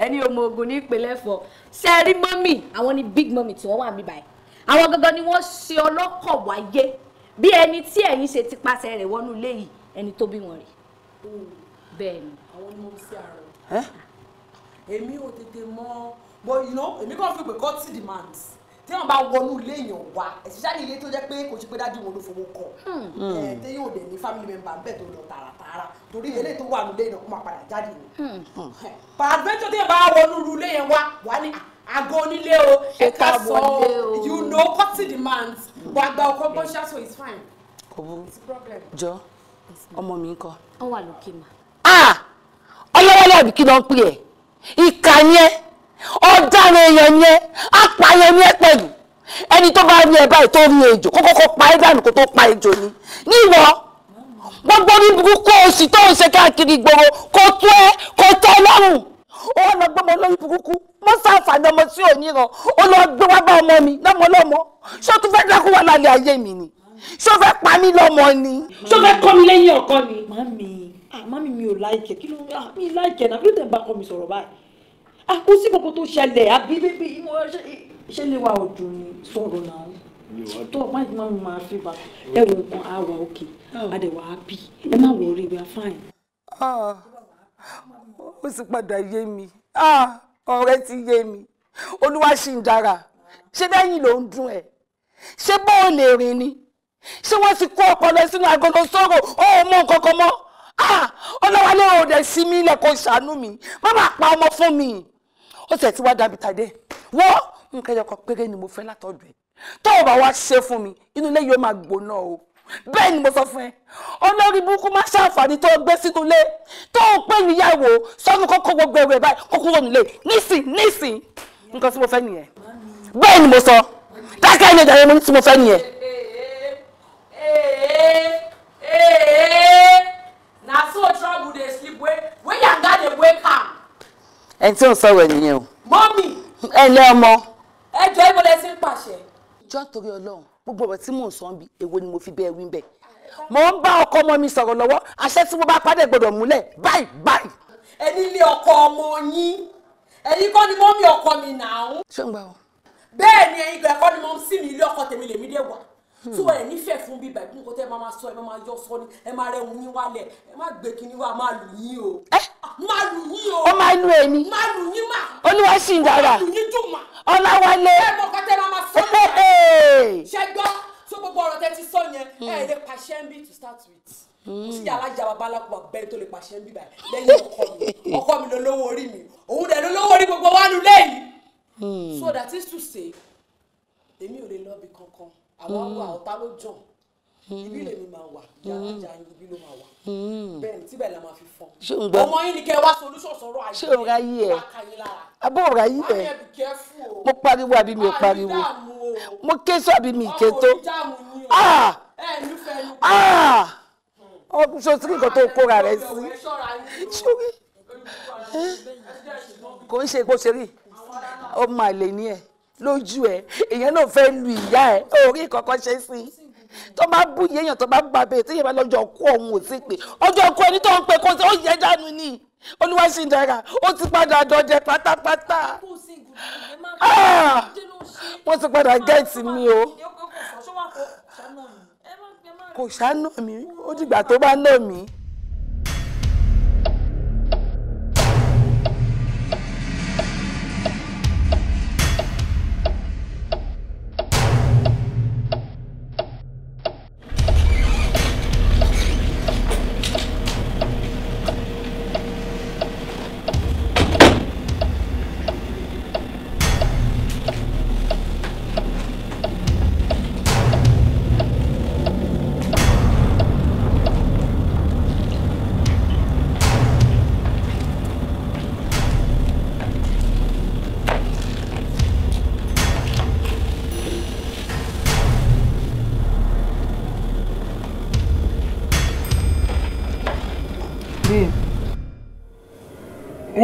ẹni ọmọ ogun ní ìpínlẹ̀ fọ ṣe é rí mọ́mì àwọn ni big mọ́mì tí wọ́n wà mí báyìí àwọn gangan ni wọ́n ṣe ọlọ́kọ̀ wáyé bí ẹni tí ẹ̀yin ṣe ti pàṣẹ rẹ̀ wọnú ilé yìí ẹni tó bí wọn rè. bẹ́ẹ̀ ni. àwọn ni mo ń ṣe àrò. èmi ò tètè mọ but you know èmi kàn fi pé courtesy demands tí wọn bá wọnú ilé èèyàn wá especially ilé tó jẹ́ pé kò ṣe pé dájú wọn ló fowó kọ hmm. ẹ hmm. téyàn ò dẹ ní family member ń bẹ tó lọ tààràtààrà torí ilé tó wà nílé èèyàn kó máa padà jáde ni. pàṣẹ tó tẹ bá wọnú ilé yẹn wá wà ní ah, àgọ́ onílé o ẹ̀ka sọ you know cut the demands but gba ọkọ bọ́ṣà so it's fine. kò bú jọ ọmọ mi ń kọ. ó wà lókè mà. ọlọ́wọ́lọ́ àbí kí ló ń pè ẹ́ ìkà yẹn ọ̀daràn èèyàn yẹn apààyàn yẹn pẹ̀lú ẹni tó bá ní ẹ báyìí tó rí ejò kókó kó pa ẹ dànù kó tó pa ejò ni níwọ gbogbo ní burúkú òsì tó ń ṣe káàkiri gbòòrò kó tó ẹ kó tẹ ẹ lọ́rùn ó wà lórí burúkú mo ṣàǹfààní ọmọ tí ò níran ó lọ gbé wá bá ọmọ mi lọ́mọ lọ́mọ ṣé o tún fẹ́ dákú wà lálẹ́ ayé mi ni ṣé o fẹ́ pa mí lọ́mọ ni. ṣé o fẹ́ kọ́ mi lẹ́yìn ọkọ ni. màmí ah, màmí mi ò láìkẹ́ kí ló ah, mi láìkẹ́ náà kí ló tẹ̀ bá ọkọ mi sọ̀rọ̀ báyìí. àkó ah, sí gbogbo tó ṣẹlẹ̀ àbí bébí ṣe lè wa òjò ni sọ̀rọ̀ náà tó ọ̀pá ìgbìmọ̀ mi máa fi bá ẹ̀rù nǹkan àwà òkè àdẹ̀wà happy ẹ má wọrí we are fine. ó sì padà yé mi ọ̀rẹ́ ti yé mi olúwa ṣì ń dára ṣé bẹ́yìn ló ń dún ẹ̀ ṣé bó o lè rìn ni ṣé wọ́n ti kó ọpọlọ sínú agolo sọ̀rọ̀ ó mọ nǹkan kan mọ́ ọlọ́wálé ò dẹ̀ sí mi ilẹ̀ kò ṣàánú mi má bàa pa ọmọ fún mi ó sì ti wá dàbí tàdé wọ́ nǹkan ẹyọ péré ni mo fẹ́ látọ̀dọ̀ ẹ̀ tó o bá wá ṣe fún mi inú ilé yóò máa gbóná o bẹ́ẹ̀ ni mo sọ fún ẹ olórí burúkú máa ṣàǹfààní tó gbé sínú ilé tó ń pè níyàwó sọ́nù kókó gbogbo ẹ̀rọ ẹ̀ báyìí kókó wọnú ilé nísìn nísìn nǹkan tí mo fẹ́ nìyẹn bẹ́ẹ̀ ni mo sọ dákẹ́ ẹni ìdàrẹ́ tí mo fẹ́ nìyẹn. na so trouble dey sleep wey wey yanga dey wake am. ẹ tí ò ń sọ̀rọ̀ ẹ nìyẹn o. mọ́mì. ẹ lé ọmọ. ẹ jẹ́ ìbọ̀lẹ́sìn pàṣẹ. ìjọ́ torí ọlọ́run gbogbo ọ̀rọ̀ tí mò ń sọ ń bi èwo ni mo fi bẹ́ẹ̀ wí ń bẹ̀. mo ń bá ọkọ ọmọ mi sọ̀rọ̀ lọ́wọ́ àṣẹ tí mo bá padà gbọ́dọ̀ múlẹ̀ báyìí báyìí. ẹni ilé ọkọ ọmọ yín ẹ̀yin kọ́ ni mọ́mí ọkọ mi nà án. ṣé ń gbà ọ. bẹ́ẹ̀ ni ẹ̀yin kọ́ ni mọ́mí sí mi ilé ọkọ tèmi lèmi dé wà tó hmm. ẹ̀ nífẹ̀ẹ́ fún bíbá ìpín kó tẹ́ ẹ máa máa sọ ẹ máa máa yọ sọ ni ẹ máa rẹ wun yín wálẹ̀ ẹ má gbé kinní wa máa lù yín o. ẹ máa lù yín o. ó máa nú èmi. máa lù yín mà. olúwa sì ń dára. máa lù yín dùn mà. ọláwálé. ẹ mọ̀ kọ́ ẹ máa máa sọ ẹ̀. ṣẹ́gbọ́n so gbogbo ọ̀rọ̀ tẹ́ ti sọ yẹn hmm. ẹ lè pàṣẹ ń to start with tí hmm. alájà babaláwo bẹ́ẹ̀ tó lè pàṣẹ ń bí báyìí lẹ́yìn ọkọ mi ọkọ mi ló lówó orí mi òun dẹ̀ ló lówó orí gbogbo wa nù lẹ́yìn so that is to say èmi ò lè lọ bí àwa wà hmm. ọ̀tá ló jàn hmm. ibi lèmi máa wà hmm. yàrá ibi ló máa wà bẹ́ẹ̀ tíbẹ̀ la máa fi fọ́n ọmọ yìí ni kẹ́ wá solution sọ̀rọ̀ ayé ṣé òra yí ẹ abọ́ òra yí ẹ mo pariwo àbí mi ò pariwo mo ké sọ àbí mi ké tó ọdún ah! ah! sotiri nǹkan tó kóra rẹ sí kò ń ṣe kó ṣe rí ó máa lè ní ẹ lójú ẹ èèyàn náà fẹ́ lu ìyá ẹ orí kankan ṣe sí i tó bá bú yéèyàn tó bá gbà bẹ́ẹ̀ tí yẹn bá lọ́jọ́ kú ọ̀hún ò sí pé ọjọ́ kú ẹni tó ń pe kó ó yẹ dànù ni olúwa ṣì ń dára ó ti padà dọdẹ pátápátá ah! wọ́n ti padà gẹ́ẹ̀tì mi o kò ṣàánà mi ó dìgbà tó bá nà mi.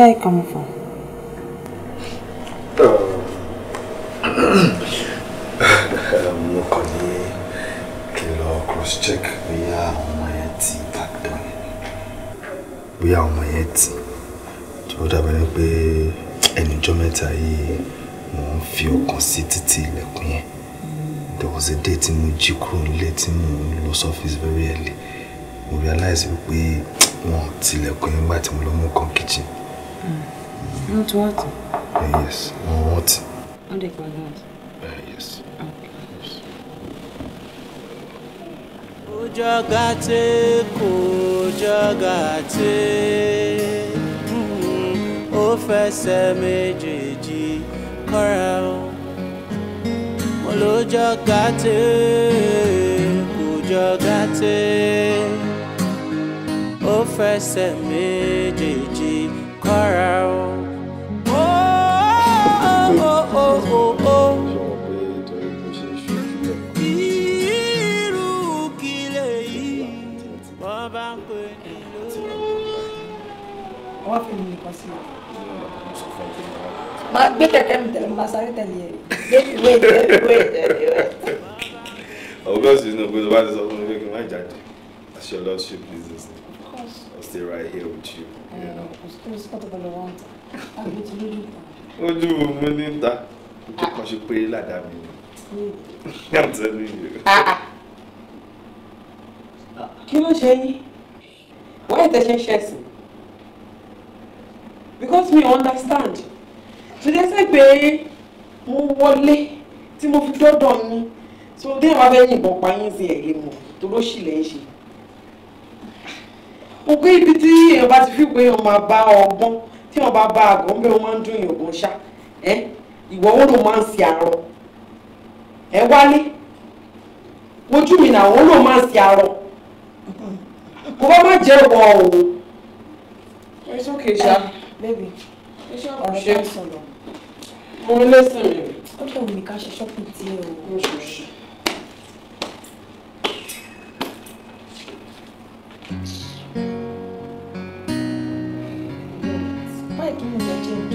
Where are you coming from? Um, um, mo kàn ní kí n cross check We are on my ti back down. We are on my ti. Tí ó dábàá ní pé ẹnìjọ́ mẹ́ta yìí mo ń fi ọkàn sí títí ilẹ̀kùn yẹn. There was a date, tí mo jí late in tí office very early. We realized we want to yẹn nígbà tí mo lọ mú nǹkan kitchen. Mm. Not what? Uh, yes, not what? Not the balance. Uh, yes. Kojagate, kojagate, mm-hmm. ó fẹsẹ̀ méjèèjì o. Mo ló jọgate, kojagate, fara o. oh oh oh oh. bá ń pè gbé kẹ̀kẹ́ mi tẹ̀lé máa sáré tẹ̀lé ẹ̀ gbé ìwé ìtẹ̀lé ìwé ìtẹ̀lé. ọgọ́sì inú gbé tó ti sọ fún mi pé kí n má jáde àṣẹ lọ́ọ́ ṣe business ni stay right here with you. you know. o spot ọpọlọ wọn the water. I'm lójú kan. ojú mi ní ta ojú kan ṣe pé ládàá mi ni i'm telling you. kí ló ṣe you wọ́n yẹ tẹ̀sẹ̀ ṣẹ̀sìn because me understand to dey say pé mo wọlé tí mo fi dọ́dọ̀ so they have any yìnbọn pa yín anymore? ẹ̀ lè she tó ló mo pé ibi tí èèyàn bá ti fi pé èèyàn máa bá ọgbọ́n tí wọ́n bá bá àgọ́ ńbẹ́ wọ́n máa ń dún èèyàn gan ṣá ìwọ wọn ló máa ń ṣe àrọ ẹ wálé ojú mi náà wọn ló máa ń ṣe àrọ kò bá má jẹ́ wọ o. it's okay ṣá. bẹ́ẹ̀bi ọ̀rọ̀ ṣe mo lé sùn rẹ̀. ó dẹ̀ wù mí ká ṣe ṣọ́pù díẹ̀ o. すっぱい気分でちょっ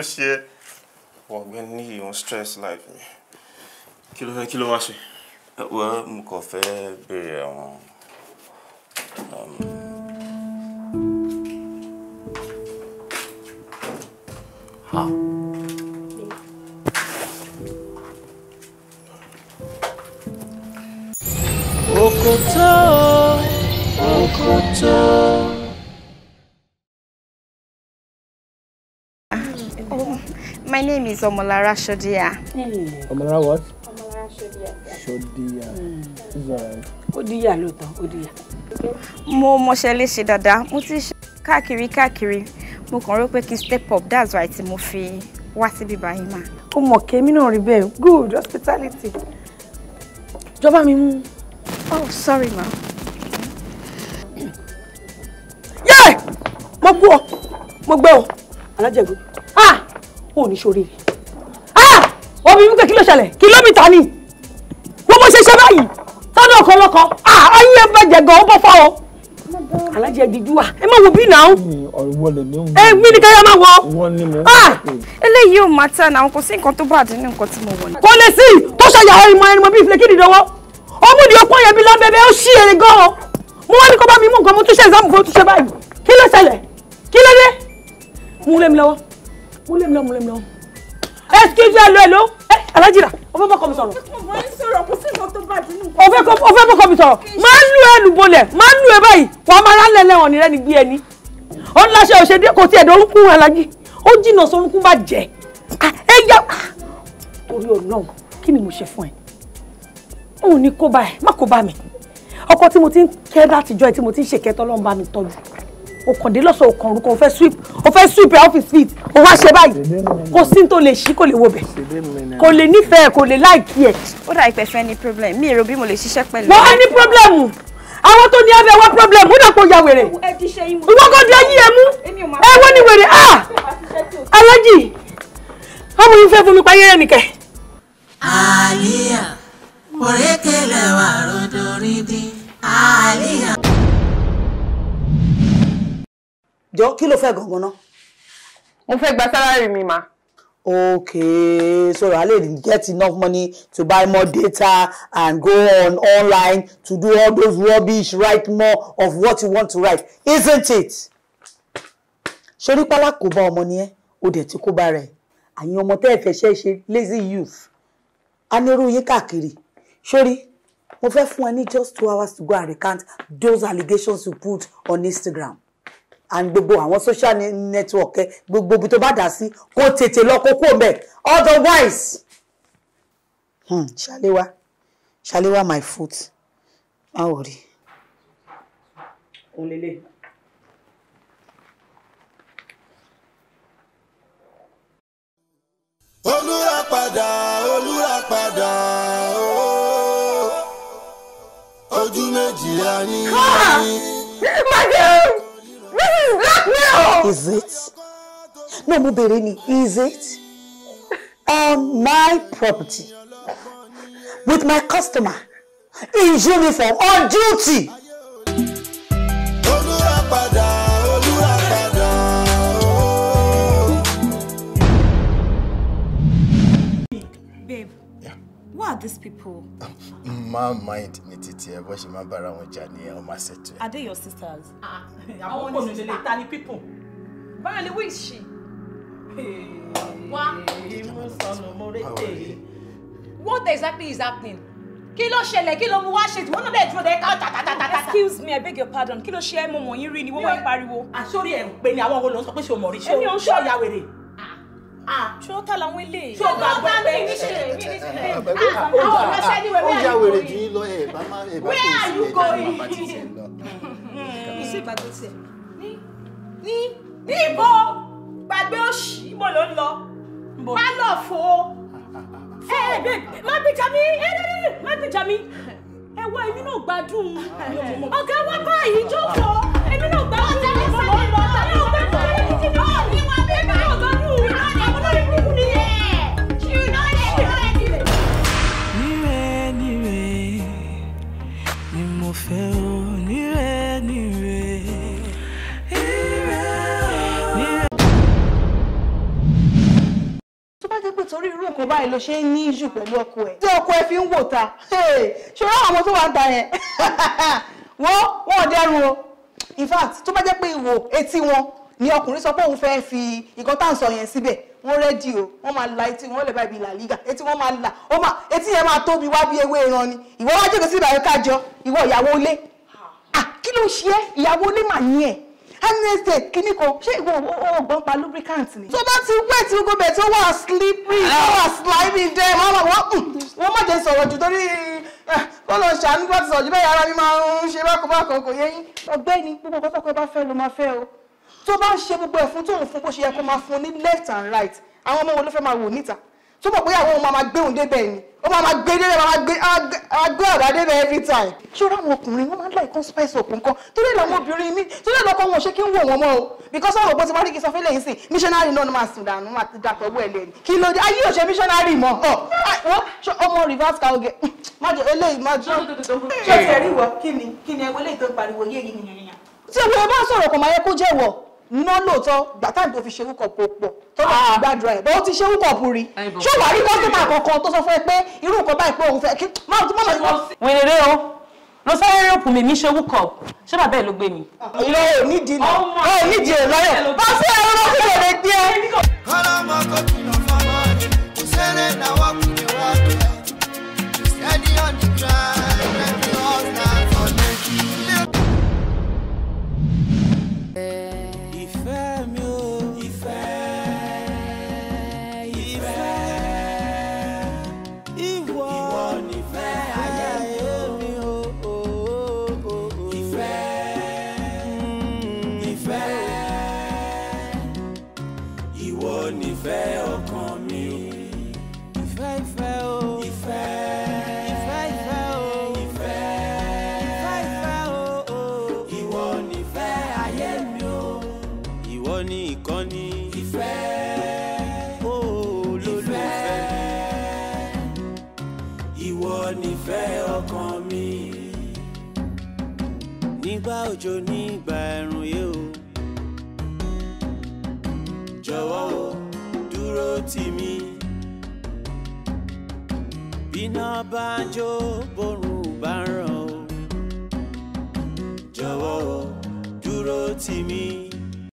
ló ṣe é. ọ̀gbẹ́ni ìhun stress life mi kí ló fẹ́ kí ló wá ṣe. mo kàn fẹ́ béèrè àwọn is Omolara Shodia. Mm. Omolara what? Omolara Shodia. Shodia. Hmm. Odiya lóòótọ́, Odiya. Mo mọṣẹ́ léṣe dáadáa, mo ti ṣe káàkiri káàkiri, mo kàn rò pé kí step up, that's why tí mo fi wá síbí báyìí mà. Ó mọ̀ kémi náà rí bẹ́ẹ̀, good hospitality. Jọba mi mú. Oh, sorry ma. Yẹ́ẹ̀! Mo kú mo gbẹ́ ọ, alájẹ̀gbẹ́. Ah! Ó ní sórí rẹ̀ ṣẹlẹ̀ kìlómítà ni wọ́n bó ṣe ṣe báyìí tọ́dọ̀ ọkọ lọ́kọ ayé ẹ bàjẹ́ gan ó bọ́ fọ́ o alájẹ dídú wa ẹ má wo bí náà. ẹ mi ni káyọ̀ máa wọ. eléyìí ò máa tẹ̀ náà kò sí nǹkan tó bá àdínní nǹkan tí mo wọ̀ ni. kò lè sí tó ṣàyàwó ìmọ̀ ẹni mo bí ìfilẹ̀ kíni dánwọ́ ọmúdi okun yẹn bí lábẹ́bẹ́ ó ṣí èrè gan-an mo wá ní kó bá mi mú nǹkan mo tún ṣe exam kó tún ṣe báyìí kí ló ṣẹlẹ̀ kí ló dé. mú lé mi lọ́wọ́ mú lé mi lọ́wọ́ mú lé mi lọ́wọ́ excuse me hello hello alájìrà o fẹ́ bọ́kọ mi sọ̀rọ̀. o fẹ́ bọ́kọ mi sọ̀rọ̀ máa ń lu ẹnu bolẹ̀ máa ń lu ẹ báyìí wà á máa rálẹ̀ lẹ́wọ̀n ní rẹ́ni gbé ẹni. ó ń láṣẹ òṣèdè kò tiẹ̀ dorúkún alájì ó jìnnà sorúkún bá jẹ́ ẹ yá torí ọlọ́run kí ni mo ṣe fún ẹ òun ni kó bá ẹ má kó bá mi ọkọ tí mo ti ń kẹ́ látijọ́ ẹ tí mo ti ń ṣèkẹ́tọ́ ọlọ́run òkàndínlọ́sọ̀ òkàn orúkọ o fẹ́ sweep o fẹ́ sweep your office fit o wá ṣe báyìí kò sí tó lè ṣí kò lè wo bẹ̀ kò lè nífẹ̀ẹ́ kò lè láìkí ẹ̀. ó dà ìpẹ́ fẹ́ ní problem mi èrò bí mo lè ṣiṣẹ́ pẹ̀lú. wọ́n á ní problem àwọn tó ní abẹ́ wá problem ó dàpọ̀ ya wèrè ìwọ kò di ayé ẹ mú ẹ wọ́n ní wèrè ah alájì ọmọ yìí fẹ́ fún mi payé rẹ̀ nìkẹ́. àlìyà òrékèlè wà ròdòrídìí àlìyà jọ kí ló fẹ́ gangan náà. mo fẹ́ gba sálárì mi mà. okay so i lè get enough money to buy more data and go on online to do all those rubbish write more of what you want to write isn't it. sori pala kò bá ọmọ ni ẹ o dẹ̀ ti kó bá rẹ̀ àyìn ọmọ tẹ́ ẹ fẹ́ ṣe ṣe lazy youth anirú yín káàkiri sori mo fẹ́ fún ẹ ní just two hours to go and recount those allegations you put on Instagram and gbogbo àwọn social network ẹ gbogbo ibi tó bá dà sí kó tètè lọ kó kúrò mbẹ otherwise hmm, ṣàléwá ṣàléwá my foot má ò rí. òlélẹ̀. olùràpadà olùràpadà ooo ojú méjìlá ní. Ah! my God! Is it? No, mo is it? On my property, with my customer, in uniform, on duty. Who are these people? Má mind ní títí ẹ bọ́ ṣe máa bára wọn jà ní ọmọ àṣetò ẹ. Are they your sisters? Ah, ah. ọmọ mi lè ta ni pípò. Báyọ̀ ni wíìsì ṣì. Wá ìmú sọnù mo rédè. What exactly is happening? Kí ló ṣẹlẹ̀? Kí ló mú wá ṣe? Wọ́n náà bẹ̀rẹ̀ dúró de ká tàtàtàtà. Excuse me, I beg your pardon. Kí ló ṣe é mo mọ̀ yín rí ni wọ́n wá ń pariwo? Àsórí ẹ̀ ń pe ni àwọn wo ló ń sọ pé ṣe o mọ̀ rí ṣe o ṣe ọ̀yà wèrè. Ah. ṣé ó tà láwọn ilé yìí. ṣé ó bá mi ní ṣe mi ní ṣe. àwọn ọ̀rẹ́ ni wẹ́ẹ́ yà wèrè jù yín lọ ẹ̀ bá má ẹ̀ bá kò sí ẹ̀ ká má bá ti sẹ̀ lọ. kò sí ìbàdí tiẹ̀. ní ní ní ìbò gbàgbé òṣì ìbò ló ń lọ má lọ fo. ẹ ẹ bẹ má gbèjà mi ẹ eh, ẹ má gbèjà mi ẹ wá èmi náà gbádùn ọ̀gá wá báyìí jókòó èmi náà gbádùn ọ̀gá wá báyìí jókòó èmi náà gbádùn ọ̀gá wá báyìí jókòó. torí irú nǹkan báyìí ló ṣe ń ní ìṣù pẹ̀lú ọkọ ẹ̀ tí ọkọ ẹ̀ fi ń wò ta ṣòro àwọn tó wà ń ta yẹn wọ́n wọ́n dẹ́rùn o in fact tó bá jẹ́ pé ìwò etí wọn ni ọkùnrin sọ pé òun fẹ́ fi nǹkan tá à ń sọ yẹn síbẹ̀ wọ́n rẹ́dì o wọ́n máa la etí wọ́n lè bá ibi ìlà lígà etí wọ́n máa la ó máa etí yẹn máa tóbi wá bí ewé ẹran ni ìwọ wá jókòó sí ìbàwọ́ kájọ ìwọ ìyàwó ilé ah kí ló ṣe é ìyàwó ilé mà ní ẹ̀ amnesty kìíní kan ṣé ìwọ ọgbọ́n pa lubricant ni. tó bá ti wẹ̀ tí gbogbo bẹ̀ tó wà slippery tó wà slimy dẹ́ hmm, wọ́n má jẹ́ sọ̀rọ̀ jù torí eh, kó lọ ṣàánú láti sọ̀rọ̀ jù bẹ́ẹ̀ ara mi máa ń ṣe bákan kò yẹ yín. ọ̀gbẹ́ni gbogbo pátákó bá fẹ́ ló máa fẹ́ o tó bá ń ṣe gbogbo ẹ̀fún tóun fún bó ṣe yẹ kó máa fún ní left and right àwọn ọmọ wo ló fẹ́ máa wò níta tó mọ̀ pé àwọn ọmọ máa gbé òun débẹ̀ ni wọ́n máa gbé débẹ̀ máa gbé agbé ọ̀dà débẹ̀ every time. ṣọ́ra àwọn ọkùnrin wọ́n máa ń láìkán spice òkun kan torí làwọn obìnrin mi torí lọ́kọ̀ wọn ò ṣe kí ń wò wọ́n mọ́ o because àwọn òbó ti wá rí kí sọfẹ́lẹ̀ yìí sìn missionary náà máa sùn dànù máa ti dà pẹ̀lú ẹ̀lẹ́ ni kí ló dé ayé ò ṣe missionary mọ́ ọ ọmọ reverse cowgirl má jẹ eléyìí má jẹ. ṣé ti ẹ̀rí wọ kí ni kí ni ẹwọ́ eléyìí tó ń pariwo yé yìí nìyẹn. tí ná lóòótọ́ gbàtà tó fi ṣe wúkọ̀pù pọ̀ tó bá ti ah. gbàdúrà ẹ̀ bó ti ṣe wúkọ̀pù rí ṣé wàá rí kọ́sítọ́mà kankan tó sọ fún ẹ pé irú nǹkan báyìí pé òun fẹ́ kí má tó má lọ. wèrè o lọ sáré rògbò mi ní ṣe wúkọ̀pù ṣé bàbá ẹ ló gbé mi. Ah, ìlọ ò nídìí lọ oh ò nídìí ẹ lọ́yọ̀ bá sí ẹ̀rọ lọ́sí lè dé. ọlọ́mọ kò kìlọ̀ fọwọ́ rẹ̀ kò sẹ́rẹ̀ náwó bíná bá ń jó bòrùn bá ń ràn ó jọ̀wọ́ dúró tì mí.